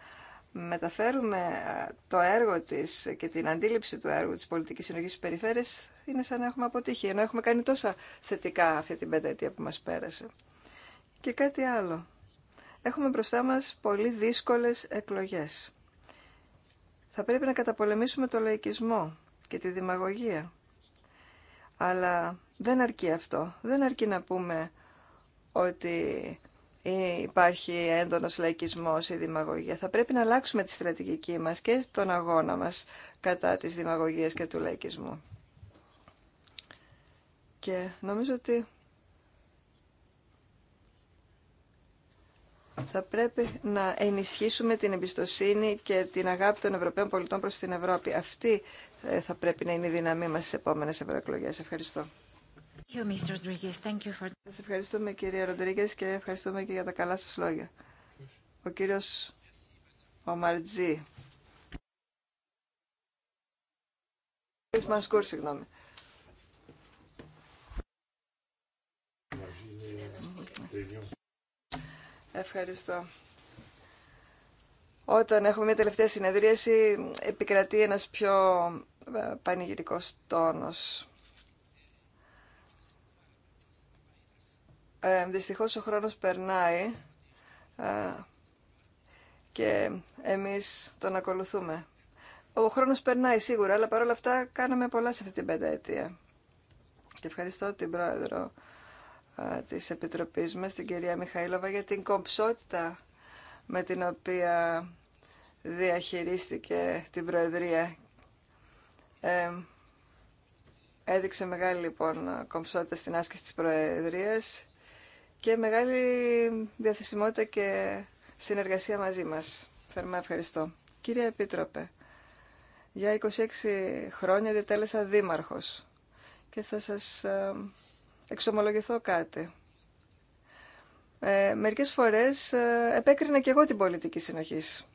μεταφέρουμε ε, το έργο της και την αντίληψη του έργου της πολιτικής συνοχής της Περιφέρειας είναι σαν να έχουμε αποτύχει, ενώ έχουμε κάνει τόσα θετικά αυτή την πενταετία που μας πέρασε. Και κάτι άλλο. Έχουμε μπροστά μας πολύ δύσκολες εκλογές. Θα πρέπει να καταπολεμήσουμε το λαϊκισμό και τη δημαγωγία. Αλλά δεν αρκεί αυτό. Δεν αρκεί να πούμε ότι ε, υπάρχει έντονος λαϊκισμός ή δημαγωγία. Θα πρέπει να αλλάξουμε τη στρατηγική μας και τον αγώνα μας κατά της δημαγωγίας και του λαϊκισμού. Και νομίζω ότι θα πρέπει να ενισχύσουμε την εμπιστοσύνη και την αγάπη των Ευρωπαίων πολιτών προς την Ευρώπη. Αυτή ε, θα πρέπει να είναι η δύναμή μας στις επόμενες ευρωεκλογές. Ευχαριστώ. Σα ευχαριστούμε κύριε Ροντρίγκες και ευχαριστούμε και για τα καλά σας λόγια. Ο κύριος Ομαρτζή. Ευχαριστώ. Όταν έχουμε μια τελευταία συνεδρίαση επικρατεί ένας πιο ε, πανηγυρικός τόνος. Ε, δυστυχώς ο χρόνος περνάει ε, και εμείς τον ακολουθούμε. Ο χρόνος περνάει σίγουρα, αλλά παρόλα αυτά κάναμε πολλά σε αυτή την πενταετία. Και ευχαριστώ την πρόεδρο ε, της Επιτροπής μας, την κυρία Μιχαήλοβα, για την κομψότητα με την οποία διαχειρίστηκε την Προεδρία. Ε, έδειξε μεγάλη λοιπόν κομψότητα στην άσκηση της Προεδρίας και μεγάλη διαθεσιμότητα και συνεργασία μαζί μας. Θερμά ευχαριστώ. Κύριε Επίτροπε, για 26 χρόνια διατέλεσα δήμαρχος και θα σας ε, εξομολογηθώ κάτι. Ε, μερικές φορές ε, επέκρινα και εγώ την πολιτική συνοχής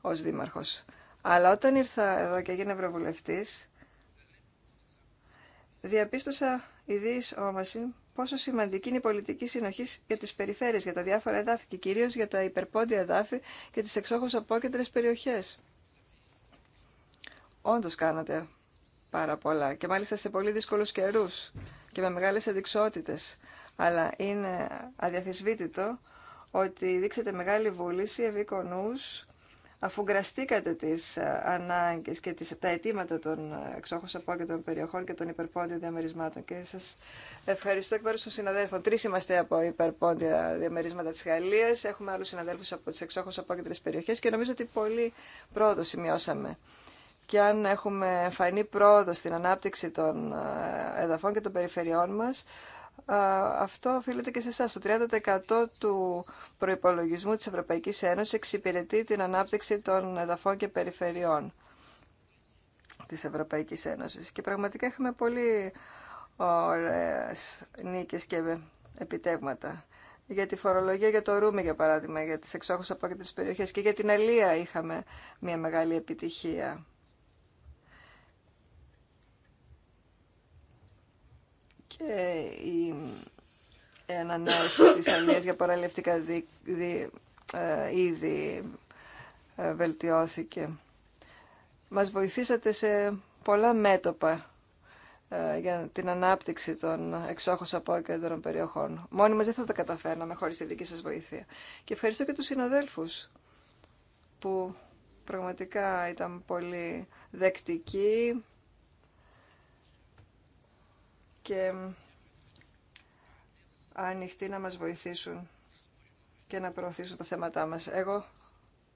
ως δήμαρχος. Αλλά όταν ήρθα εδώ και έγινε ευρωβουλευτής, διαπίστωσα ιδίως όμως... Όμαση πόσο σημαντική είναι η πολιτική συνοχή για τι περιφέρειες, για τα διάφορα εδάφη και κυρίω για τα υπερπόντια εδάφη και τι εξόχω απόκεντρε περιοχέ. Όντω κάνατε πάρα πολλά και μάλιστα σε πολύ δύσκολου καιρού και με μεγάλε αντικσότητε. Αλλά είναι αδιαφυσβήτητο ότι δείξατε μεγάλη βούληση ευήκονους αφού γραστήκατε τις ε, ανάγκες και τις, τα αιτήματα των ε, εξόχως απόκεντρων περιοχών και των υπερπόντιων διαμερισμάτων. Και σας ευχαριστώ εκ μέρους των συναδέλφων. Τρεις είμαστε από υπερπόντια διαμερίσματα της Γαλλίας, έχουμε άλλους συναδέλφους από τις εξόχως τις περιοχές και νομίζω ότι πολύ πρόοδο σημειώσαμε. Και αν έχουμε φανεί πρόοδο στην ανάπτυξη των ε, εδαφών και των περιφερειών μας, αυτό οφείλεται και σε εσά. Το 30% του προπολογισμού της Ευρωπαϊκής Ένωσης εξυπηρετεί την ανάπτυξη των εδαφών και περιφερειών της Ευρωπαϊκής Ένωσης. Και πραγματικά είχαμε πολύ ωραίες νίκες και επιτεύγματα. Για τη φορολογία για το Ρούμι, για παράδειγμα, για τις εξόχους τις περιοχές και για την Αλία είχαμε μια μεγάλη επιτυχία. και η ανανέωση της αλληλίας για παραλληλευτικά δι, δι, ε, ήδη ε, βελτιώθηκε. Μας βοηθήσατε σε πολλά μέτωπα ε, για την ανάπτυξη των εξόχως απόκεντρων περιοχών. Μόνοι μας δεν θα τα καταφέρναμε χωρίς τη δική σας βοήθεια. Και ευχαριστώ και τους συναδέλφους που πραγματικά ήταν πολύ δεκτικοί και ανοιχτοί να μας βοηθήσουν και να προωθήσουν τα θέματά μας. Εγώ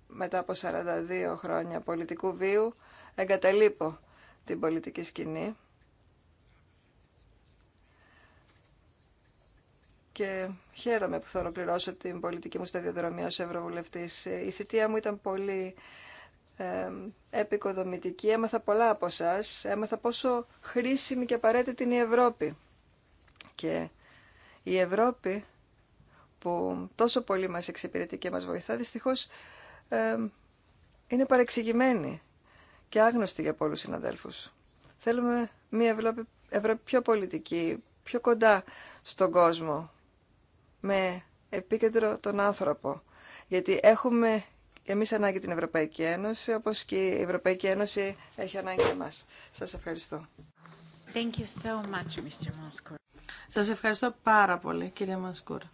μετά από 42 χρόνια πολιτικού βίου εγκαταλείπω την πολιτική σκηνή και χαίρομαι που θα ολοκληρώσω την πολιτική μου σταδιοδρομία ως Ευρωβουλευτής. Η θητεία μου ήταν πολύ επικοδομητική. Έμαθα πολλά από εσά. Έμαθα πόσο χρήσιμη και απαραίτητη είναι η Ευρώπη. Και η Ευρώπη που τόσο πολύ μας εξυπηρετεί και μας βοηθά, δυστυχώς είναι παρεξηγημένη και άγνωστη για πολλούς συναδέλφους. Θέλουμε μια Ευρώπη, Ευρώπη πιο πολιτική, πιο κοντά στον κόσμο, με επίκεντρο τον άνθρωπο. Γιατί έχουμε εμείς ανάγκη την Ευρωπαϊκή Ένωση, όπως και η Ευρωπαϊκή Ένωση έχει ανάγκη εμάς. Σας ευχαριστώ. Thank you so much, Mr. Σας ευχαριστώ πάρα πολύ, κύριε Μασκούρα.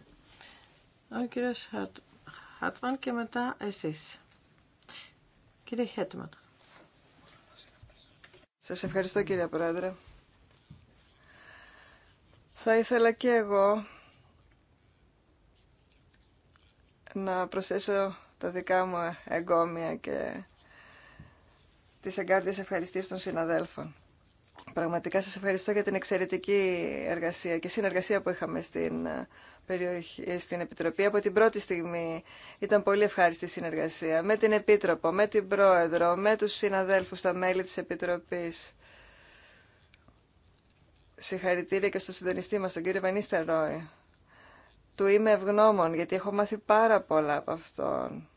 Ο κύριος Χάτμαν και μετά εσείς. Κύριε Χέτμαν. Σας ευχαριστώ, κύριε Πρόεδρε. Θα ήθελα και εγώ να προσθέσω τα δικά μου εγκόμια και τις εγκάρδιες ευχαριστίες των συναδέλφων. Πραγματικά σας ευχαριστώ για την εξαιρετική εργασία και συνεργασία που είχαμε στην, ε, περιοχή, ε, στην Επιτροπή. Από την πρώτη στιγμή ήταν πολύ ευχάριστη η συνεργασία με την Επίτροπο, με την Πρόεδρο, με τους συναδέλφους, τα μέλη της Επιτροπής. Συγχαρητήρια και στο συντονιστή μας, τον κύριο Βανίστερ Ρόι. Του είμαι ευγνώμων γιατί έχω μάθει πάρα πολλά από αυτόν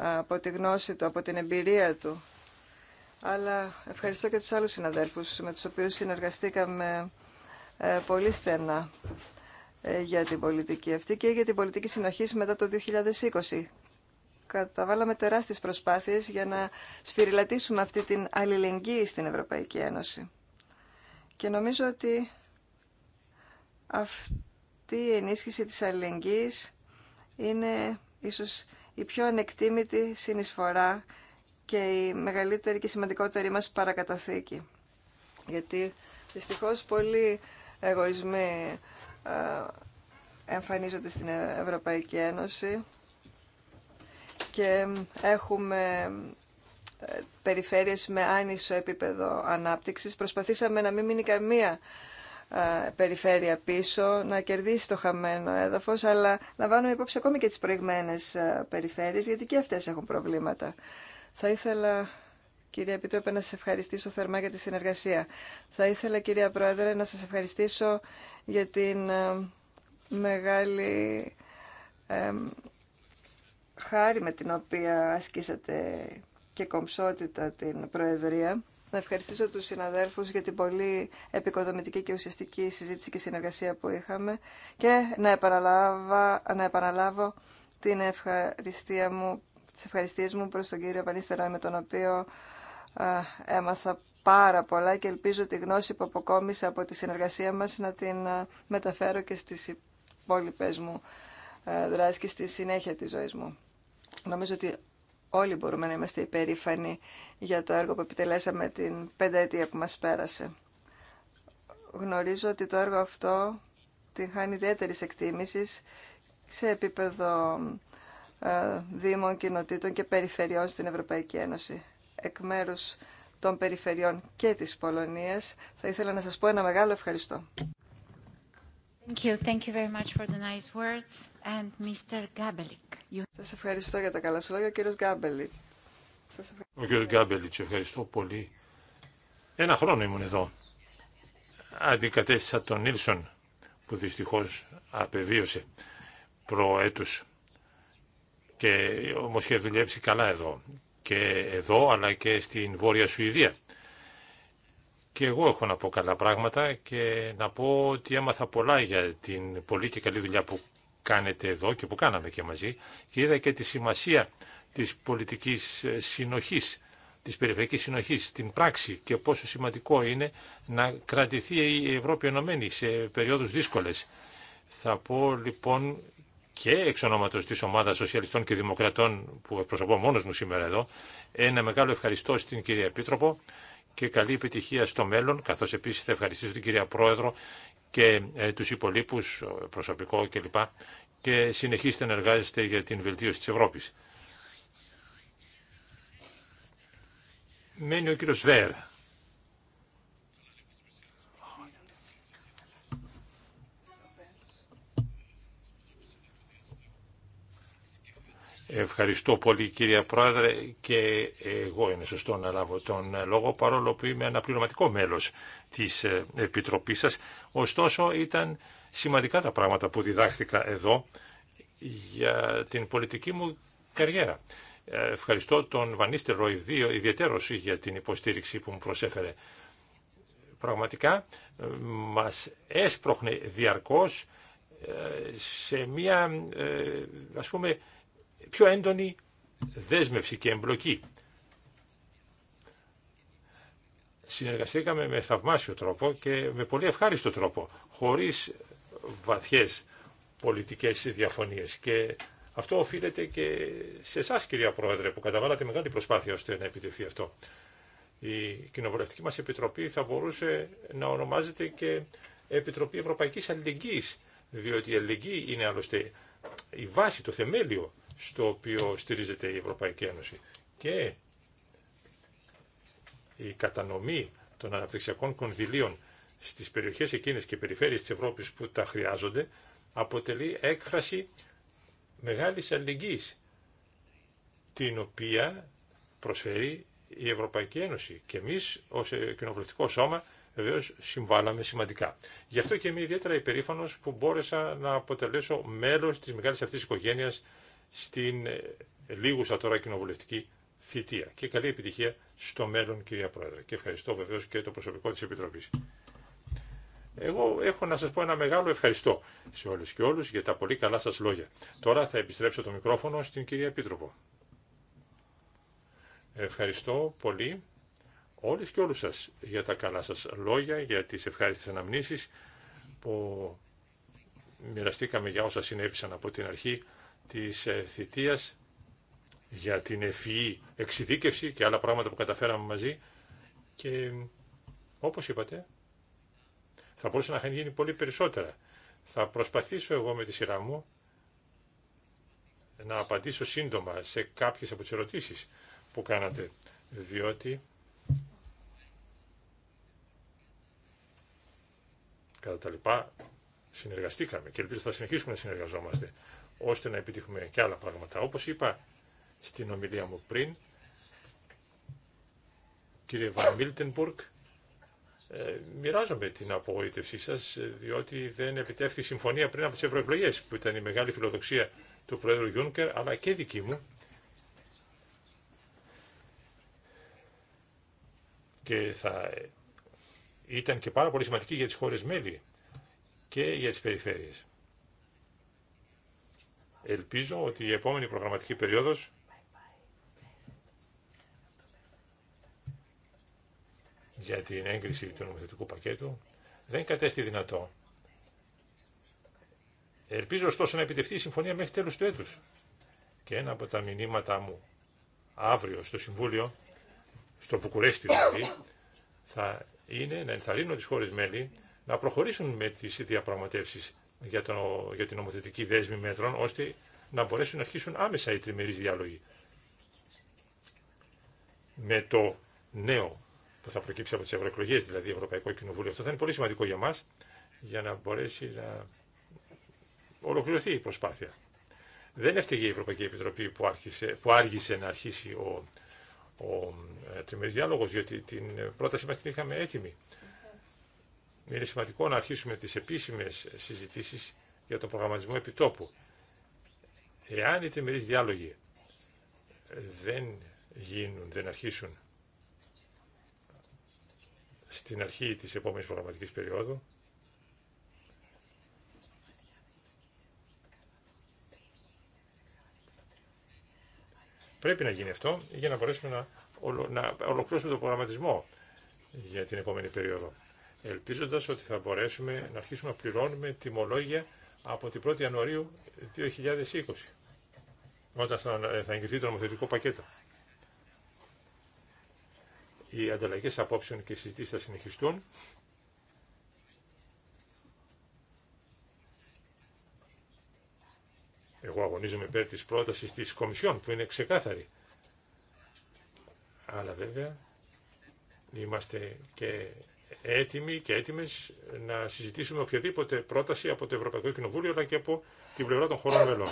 από τη γνώση του, από την εμπειρία του. Αλλά ευχαριστώ και τους άλλους συναδέλφους με τους οποίους συνεργαστήκαμε ε, πολύ στενά ε, για την πολιτική αυτή και για την πολιτική συνοχή μετά το 2020. Καταβάλαμε τεράστιες προσπάθειες για να σφυριλατήσουμε αυτή την αλληλεγγύη στην Ευρωπαϊκή Ένωση. Και νομίζω ότι αυτή η ενίσχυση της αλληλεγγύης είναι ίσως η πιο ανεκτήμητη συνεισφορά και η μεγαλύτερη και σημαντικότερη μας παρακαταθήκη. Γιατί δυστυχώς πολλοί εγωισμοί ε, εμφανίζονται στην Ευρωπαϊκή Ένωση και έχουμε ε, περιφέρειες με άνισο επίπεδο ανάπτυξης. Προσπαθήσαμε να μην μείνει καμία ε, περιφέρεια πίσω, να κερδίσει το χαμένο έδαφος, αλλά λαμβάνουμε υπόψη ακόμη και τις προηγμένες ε, περιφέρειες, γιατί και αυτές έχουν προβλήματα. Θα ήθελα, κυρία Επίτροπε, να σας ευχαριστήσω θερμά για τη συνεργασία. Θα ήθελα, κυρία Πρόεδρε, να σας ευχαριστήσω για την ε, μεγάλη χάρη με την οποία ασκήσατε και κομψότητα την Προεδρία να ευχαριστήσω τους συναδέλφους για την πολύ επικοδομητική και ουσιαστική συζήτηση και συνεργασία που είχαμε και να, να επαναλάβω την ευχαριστία μου, τις ευχαριστίες μου προς τον κύριο Πανίστερα με τον οποίο έμαθα πάρα πολλά και ελπίζω τη γνώση που αποκόμισα από τη συνεργασία μας να την μεταφέρω και στις υπόλοιπε μου ε, δράσεις και στη συνέχεια της ζωής μου. Νομίζω ότι Όλοι μπορούμε να είμαστε υπερήφανοι για το έργο που επιτελέσαμε την πενταετία που μας πέρασε. Γνωρίζω ότι το έργο αυτό την χάνει ιδιαίτερη εκτίμηση σε επίπεδο ε, δήμων, κοινοτήτων και περιφερειών στην Ευρωπαϊκή Ένωση. Εκ μέρους των περιφερειών και της Πολωνίας θα ήθελα να σας πω ένα μεγάλο ευχαριστώ. Σας ευχαριστώ για τα καλά σου λόγια, ο κύριος Γκάμπελη. Ο κύριος Γκάμπελη, ευχαριστώ πολύ. Ένα χρόνο ήμουν εδώ. Αντικατέστησα τον Νίλσον, που δυστυχώς απεβίωσε προέτους και όμως είχε δουλέψει καλά εδώ. Και εδώ, αλλά και στην Βόρεια Σουηδία. Και εγώ έχω να πω καλά πράγματα και να πω ότι έμαθα πολλά για την πολύ και καλή δουλειά που κάνετε εδώ και που κάναμε και μαζί και είδα και τη σημασία της πολιτικής συνοχής, της περιφερειακής συνοχής στην πράξη και πόσο σημαντικό είναι να κρατηθεί η Ευρώπη ενωμένη σε περίοδους δύσκολες. Θα πω λοιπόν και εξ ονόματος της ομάδας Σοσιαλιστών και Δημοκρατών που προσωπώ μόνος μου σήμερα εδώ, ένα μεγάλο ευχαριστώ στην κυρία Επίτροπο και καλή επιτυχία στο μέλλον, καθώς επίσης θα ευχαριστήσω την κυρία Πρόεδρο και ε, τους υπολείπους, προσωπικό κλπ. Και συνεχίστε να εργάζεστε για την βελτίωση της Ευρώπης. Μένει ο κύριος Βέρ. Ευχαριστώ πολύ κυρία Πρόεδρε και εγώ είναι σωστό να λάβω τον λόγο παρόλο που είμαι αναπληρωματικό μέλος της Επιτροπής σας. Ωστόσο ήταν σημαντικά τα πράγματα που διδάχθηκα εδώ για την πολιτική μου καριέρα. Ευχαριστώ τον Βανίστερ Ροϊδίο ιδιαίτερος για την υποστήριξη που μου προσέφερε. Πραγματικά μας έσπροχνε διαρκώς ε, σε μια ε, ας πούμε πιο έντονη δέσμευση και εμπλοκή. Συνεργαστήκαμε με θαυμάσιο τρόπο και με πολύ ευχάριστο τρόπο, χωρίς βαθιές πολιτικές διαφωνίες. Και αυτό οφείλεται και σε εσά, κυρία Πρόεδρε, που καταβάλατε μεγάλη προσπάθεια ώστε να επιτευχθεί αυτό. Η κοινοβουλευτική μας επιτροπή θα μπορούσε να ονομάζεται και Επιτροπή Ευρωπαϊκής Αλληλεγγύης, διότι η αλληλεγγύη είναι άλλωστε η βάση, το θεμέλιο στο οποίο στηρίζεται η Ευρωπαϊκή Ένωση. Και η κατανομή των αναπτυξιακών κονδυλίων στις περιοχές εκείνες και περιφέρειες της Ευρώπης που τα χρειάζονται αποτελεί έκφραση μεγάλης αλληλεγγύης την οποία προσφέρει η Ευρωπαϊκή Ένωση και εμείς ως κοινοβουλευτικό σώμα βεβαίω συμβάλαμε σημαντικά. Γι' αυτό και είμαι ιδιαίτερα υπερήφανος που μπόρεσα να αποτελέσω μέλος της μεγάλης αυτής οικογένειας στην ε, λίγουσα τώρα κοινοβουλευτική θητεία. Και καλή επιτυχία στο μέλλον, κυρία Πρόεδρε. Και ευχαριστώ βεβαίω και το προσωπικό τη Επιτροπή. Εγώ έχω να σας πω ένα μεγάλο ευχαριστώ σε όλους και όλους για τα πολύ καλά σας λόγια. Τώρα θα επιστρέψω το μικρόφωνο στην κυρία Επίτροπο. Ευχαριστώ πολύ όλες και όλους σας για τα καλά σας λόγια, για τις ευχάριστες αναμνήσεις που μοιραστήκαμε για όσα συνέβησαν από την αρχή της ε, θητείας, για την ευφυή εξειδίκευση και άλλα πράγματα που καταφέραμε μαζί και όπως είπατε θα μπορούσε να είχαν γίνει πολύ περισσότερα. Θα προσπαθήσω εγώ με τη σειρά μου να απαντήσω σύντομα σε κάποιες από τις ερωτήσεις που κάνατε, διότι κατά τα λοιπά συνεργαστήκαμε και ελπίζω θα συνεχίσουμε να συνεργαζόμαστε ώστε να επιτύχουμε και άλλα πράγματα. Όπως είπα στην ομιλία μου πριν, κύριε Βαν Μίλτενμπουργκ, ε, μοιράζομαι την απογοήτευσή σας, ε, διότι δεν επιτεύχθη συμφωνία πριν από τις ευρωεκλογέ, που ήταν η μεγάλη φιλοδοξία του Πρόεδρου Γιούνκερ, αλλά και δική μου. Και ε, ήταν και πάρα πολύ σημαντική για τις χώρες μέλη και για τις περιφέρειες. Ελπίζω ότι η επόμενη προγραμματική περίοδος για την έγκριση του νομοθετικού πακέτου δεν κατέστη δυνατό. Ελπίζω ωστόσο να επιτευχθεί η συμφωνία μέχρι τέλους του έτους. Και ένα από τα μηνύματα μου αύριο στο Συμβούλιο, στο Βουκουρέστι δηλαδή, θα είναι να ενθαρρύνω τις χώρες μέλη να προχωρήσουν με τις διαπραγματεύσεις για, το, για την νομοθετική δέσμη μέτρων, ώστε να μπορέσουν να αρχίσουν άμεσα οι τριμερείς διάλογοι. Με το νέο που θα προκύψει από τις ευρωεκλογές, δηλαδή Ευρωπαϊκό Κοινοβούλιο, αυτό θα είναι πολύ σημαντικό για μας, για να μπορέσει να ολοκληρωθεί η προσπάθεια. Δεν έφταιγε η Ευρωπαϊκή Επιτροπή που, άρχισε, που άργησε να αρχίσει ο, ο ε, τριμερής διάλογος, διότι την πρόταση μας την είχαμε έτοιμη είναι σημαντικό να αρχίσουμε τις επίσημες συζητήσεις για τον προγραμματισμό επιτόπου. Εάν οι τριμερείς διάλογοι δεν γίνουν, δεν αρχίσουν στην αρχή της επόμενης προγραμματικής περίοδου, πρέπει να γίνει αυτό για να μπορέσουμε να, ολοκληρώσουμε τον προγραμματισμό για την επόμενη περίοδο ελπίζοντας ότι θα μπορέσουμε να αρχίσουμε να πληρώνουμε τιμολόγια από την 1η Ιανουαρίου 2020, όταν θα εγκριθεί το νομοθετικό πακέτο. Οι ανταλλαγές απόψεων και συζητήσεις θα συνεχιστούν. Εγώ αγωνίζομαι πέρα της πρότασης της Κομισιόν, που είναι ξεκάθαρη. Αλλά βέβαια, είμαστε και έτοιμοι και έτοιμες να συζητήσουμε οποιαδήποτε πρόταση από το Ευρωπαϊκό Κοινοβούλιο αλλά και από την πλευρά των χωρών μελών.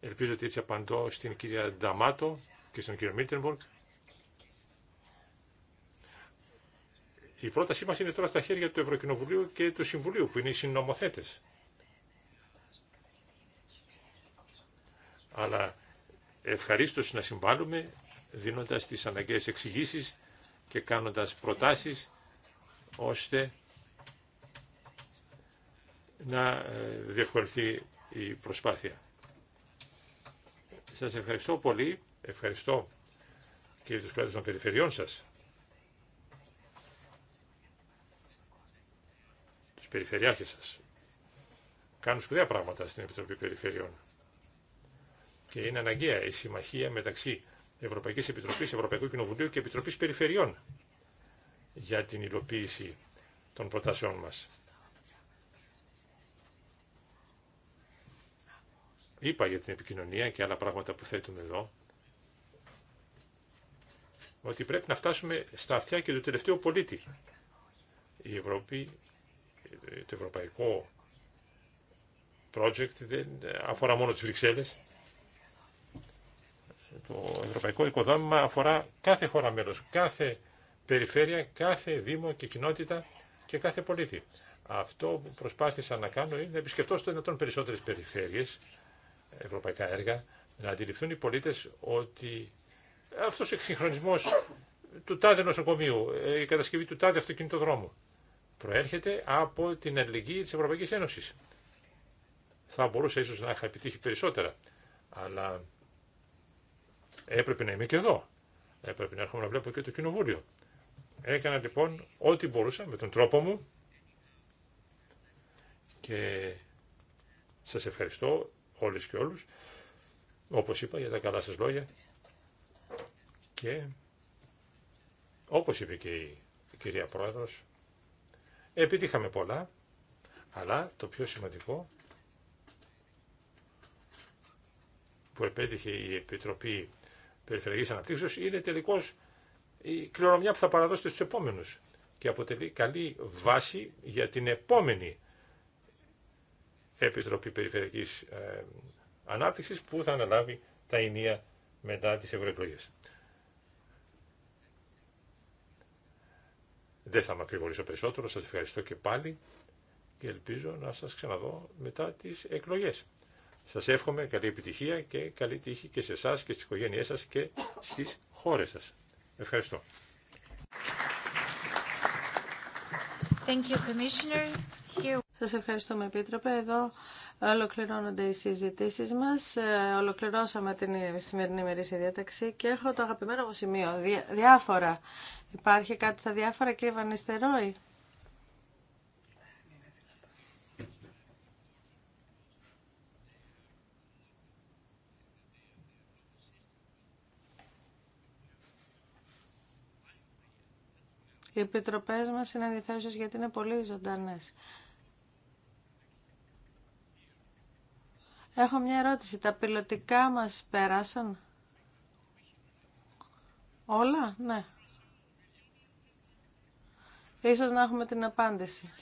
Ελπίζω ότι έτσι απαντώ στην κυρία Νταμάτο και στον κύριο Μίλτενμπορκ. Η πρότασή μας είναι τώρα στα χέρια του Ευρωκοινοβουλίου και του Συμβουλίου, που είναι οι συνομοθέτες. Αλλά ευχαρίστως να συμβάλλουμε δίνοντας τις αναγκαίες εξηγήσει και κάνοντας προτάσεις ώστε να ε, διευκολυνθεί η προσπάθεια. Σας ευχαριστώ πολύ. Ευχαριστώ και τους κράτους των περιφερειών σας. Τους περιφερειάρχες σας. Κάνουν σπουδαία πράγματα στην Επιτροπή Περιφερειών. Και είναι αναγκαία η συμμαχία μεταξύ Ευρωπαϊκής Επιτροπής, Ευρωπαϊκού Κοινοβουλίου και Επιτροπή Περιφερειών για την υλοποίηση των προτάσεών μας. Είπα για την επικοινωνία και άλλα πράγματα που θέτουμε εδώ, ότι πρέπει να φτάσουμε στα αυτιά και του τελευταίου πολίτη. Η Ευρώπη, το ευρωπαϊκό project δεν αφορά μόνο τις Βρυξέλλες, το ευρωπαϊκό οικοδόμημα αφορά κάθε χώρα μέλος, κάθε περιφέρεια, κάθε δήμο και κοινότητα και κάθε πολίτη. Αυτό που προσπάθησα να κάνω είναι να επισκεφτώ στο δυνατόν περισσότερες περιφέρειες, ευρωπαϊκά έργα, να αντιληφθούν οι πολίτες ότι αυτός ο εξυγχρονισμός του τάδε νοσοκομείου, ε, η κατασκευή του τάδε αυτοκινητοδρόμου, προέρχεται από την αλληλεγγύη της Ευρωπαϊκής Ένωσης. Θα μπορούσα ίσως να είχα επιτύχει περισσότερα, αλλά Έπρεπε να είμαι και εδώ. Έπρεπε να έρχομαι να βλέπω και το κοινοβούλιο. Έκανα λοιπόν ό,τι μπορούσα με τον τρόπο μου και σας ευχαριστώ όλες και όλους, όπως είπα, για τα καλά σας λόγια και όπως είπε και η κυρία Πρόεδρος, επιτύχαμε πολλά, αλλά το πιο σημαντικό που επέτυχε η Επιτροπή περιφερειακής αναπτύξεως είναι τελικώ η κληρονομιά που θα παραδώσετε στους επόμενους και αποτελεί καλή βάση για την επόμενη Επιτροπή Περιφερειακής ε, Ανάπτυξης που θα αναλάβει τα ενία μετά τις ευρωεκλογέ. Δεν θα μακρηγορήσω περισσότερο, σας ευχαριστώ και πάλι και ελπίζω να σας ξαναδώ μετά τις εκλογές. Σας εύχομαι καλή επιτυχία και καλή τύχη και σε εσά και στις οικογένειές σας και στις χώρες σας. Ευχαριστώ. Thank you, Commissioner. Σας ευχαριστούμε Επίτροπε. Εδώ ολοκληρώνονται οι συζητήσεις μας. Ε, ολοκληρώσαμε την σημερινή ημερήσια διάταξη και έχω το αγαπημένο μου σημείο. Διάφορα. Υπάρχει κάτι στα διάφορα κύριε Βανιστερόη. Οι επιτροπές μας είναι ενδιαφέρουσες γιατί είναι πολύ ζωντανε. Έχω μια ερώτηση. Τα πιλωτικά μας πέρασαν. Όλα, ναι. Ίσως να έχουμε την απάντηση.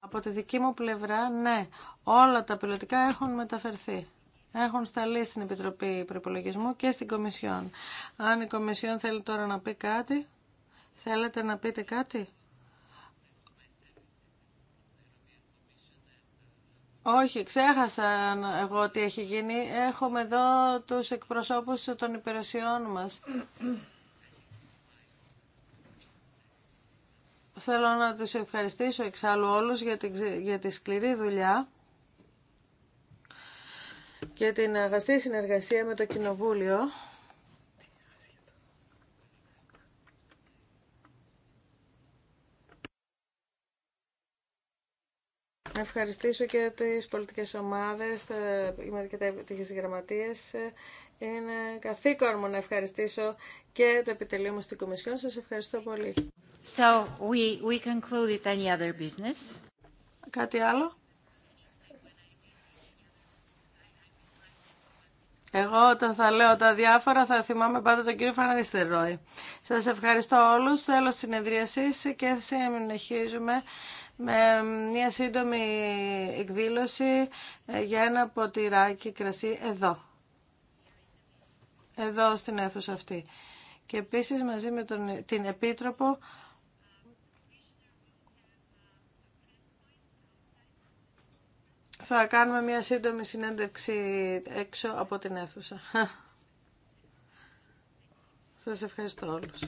Από τη δική μου πλευρά, ναι. Όλα τα πιλωτικά έχουν μεταφερθεί έχουν σταλεί στην Επιτροπή Προπολογισμού και στην Κομισιόν. Αν η Κομισιόν θέλει τώρα να πει κάτι, θέλετε να πείτε κάτι. Όχι, ξέχασα εγώ τι έχει γίνει. Έχουμε εδώ τους εκπροσώπους των υπηρεσιών μας. Θέλω να τους ευχαριστήσω εξάλλου όλους για, για τη σκληρή δουλειά και την αγαστή συνεργασία με το Κοινοβούλιο. Να ευχαριστήσω και τις πολιτικές ομάδες και τις γραμματείες. Είναι καθήκον μου να ευχαριστήσω και το επιτελείο μου στην Κομισιόν. Σας ευχαριστώ πολύ. So, we, we concluded any other business. Κάτι άλλο. Εγώ όταν θα λέω τα διάφορα θα θυμάμαι πάντα τον κύριο Φαναριστερόη. Σας ευχαριστώ όλους. Θέλω συνεδρίασης και συνεχίζουμε με μια σύντομη εκδήλωση για ένα ποτηράκι κρασί εδώ. Εδώ στην αίθουσα αυτή. Και επίσης μαζί με τον, την Επίτροπο Θα κάνουμε μια σύντομη συνέντευξη έξω από την αίθουσα. Σας ευχαριστώ όλους.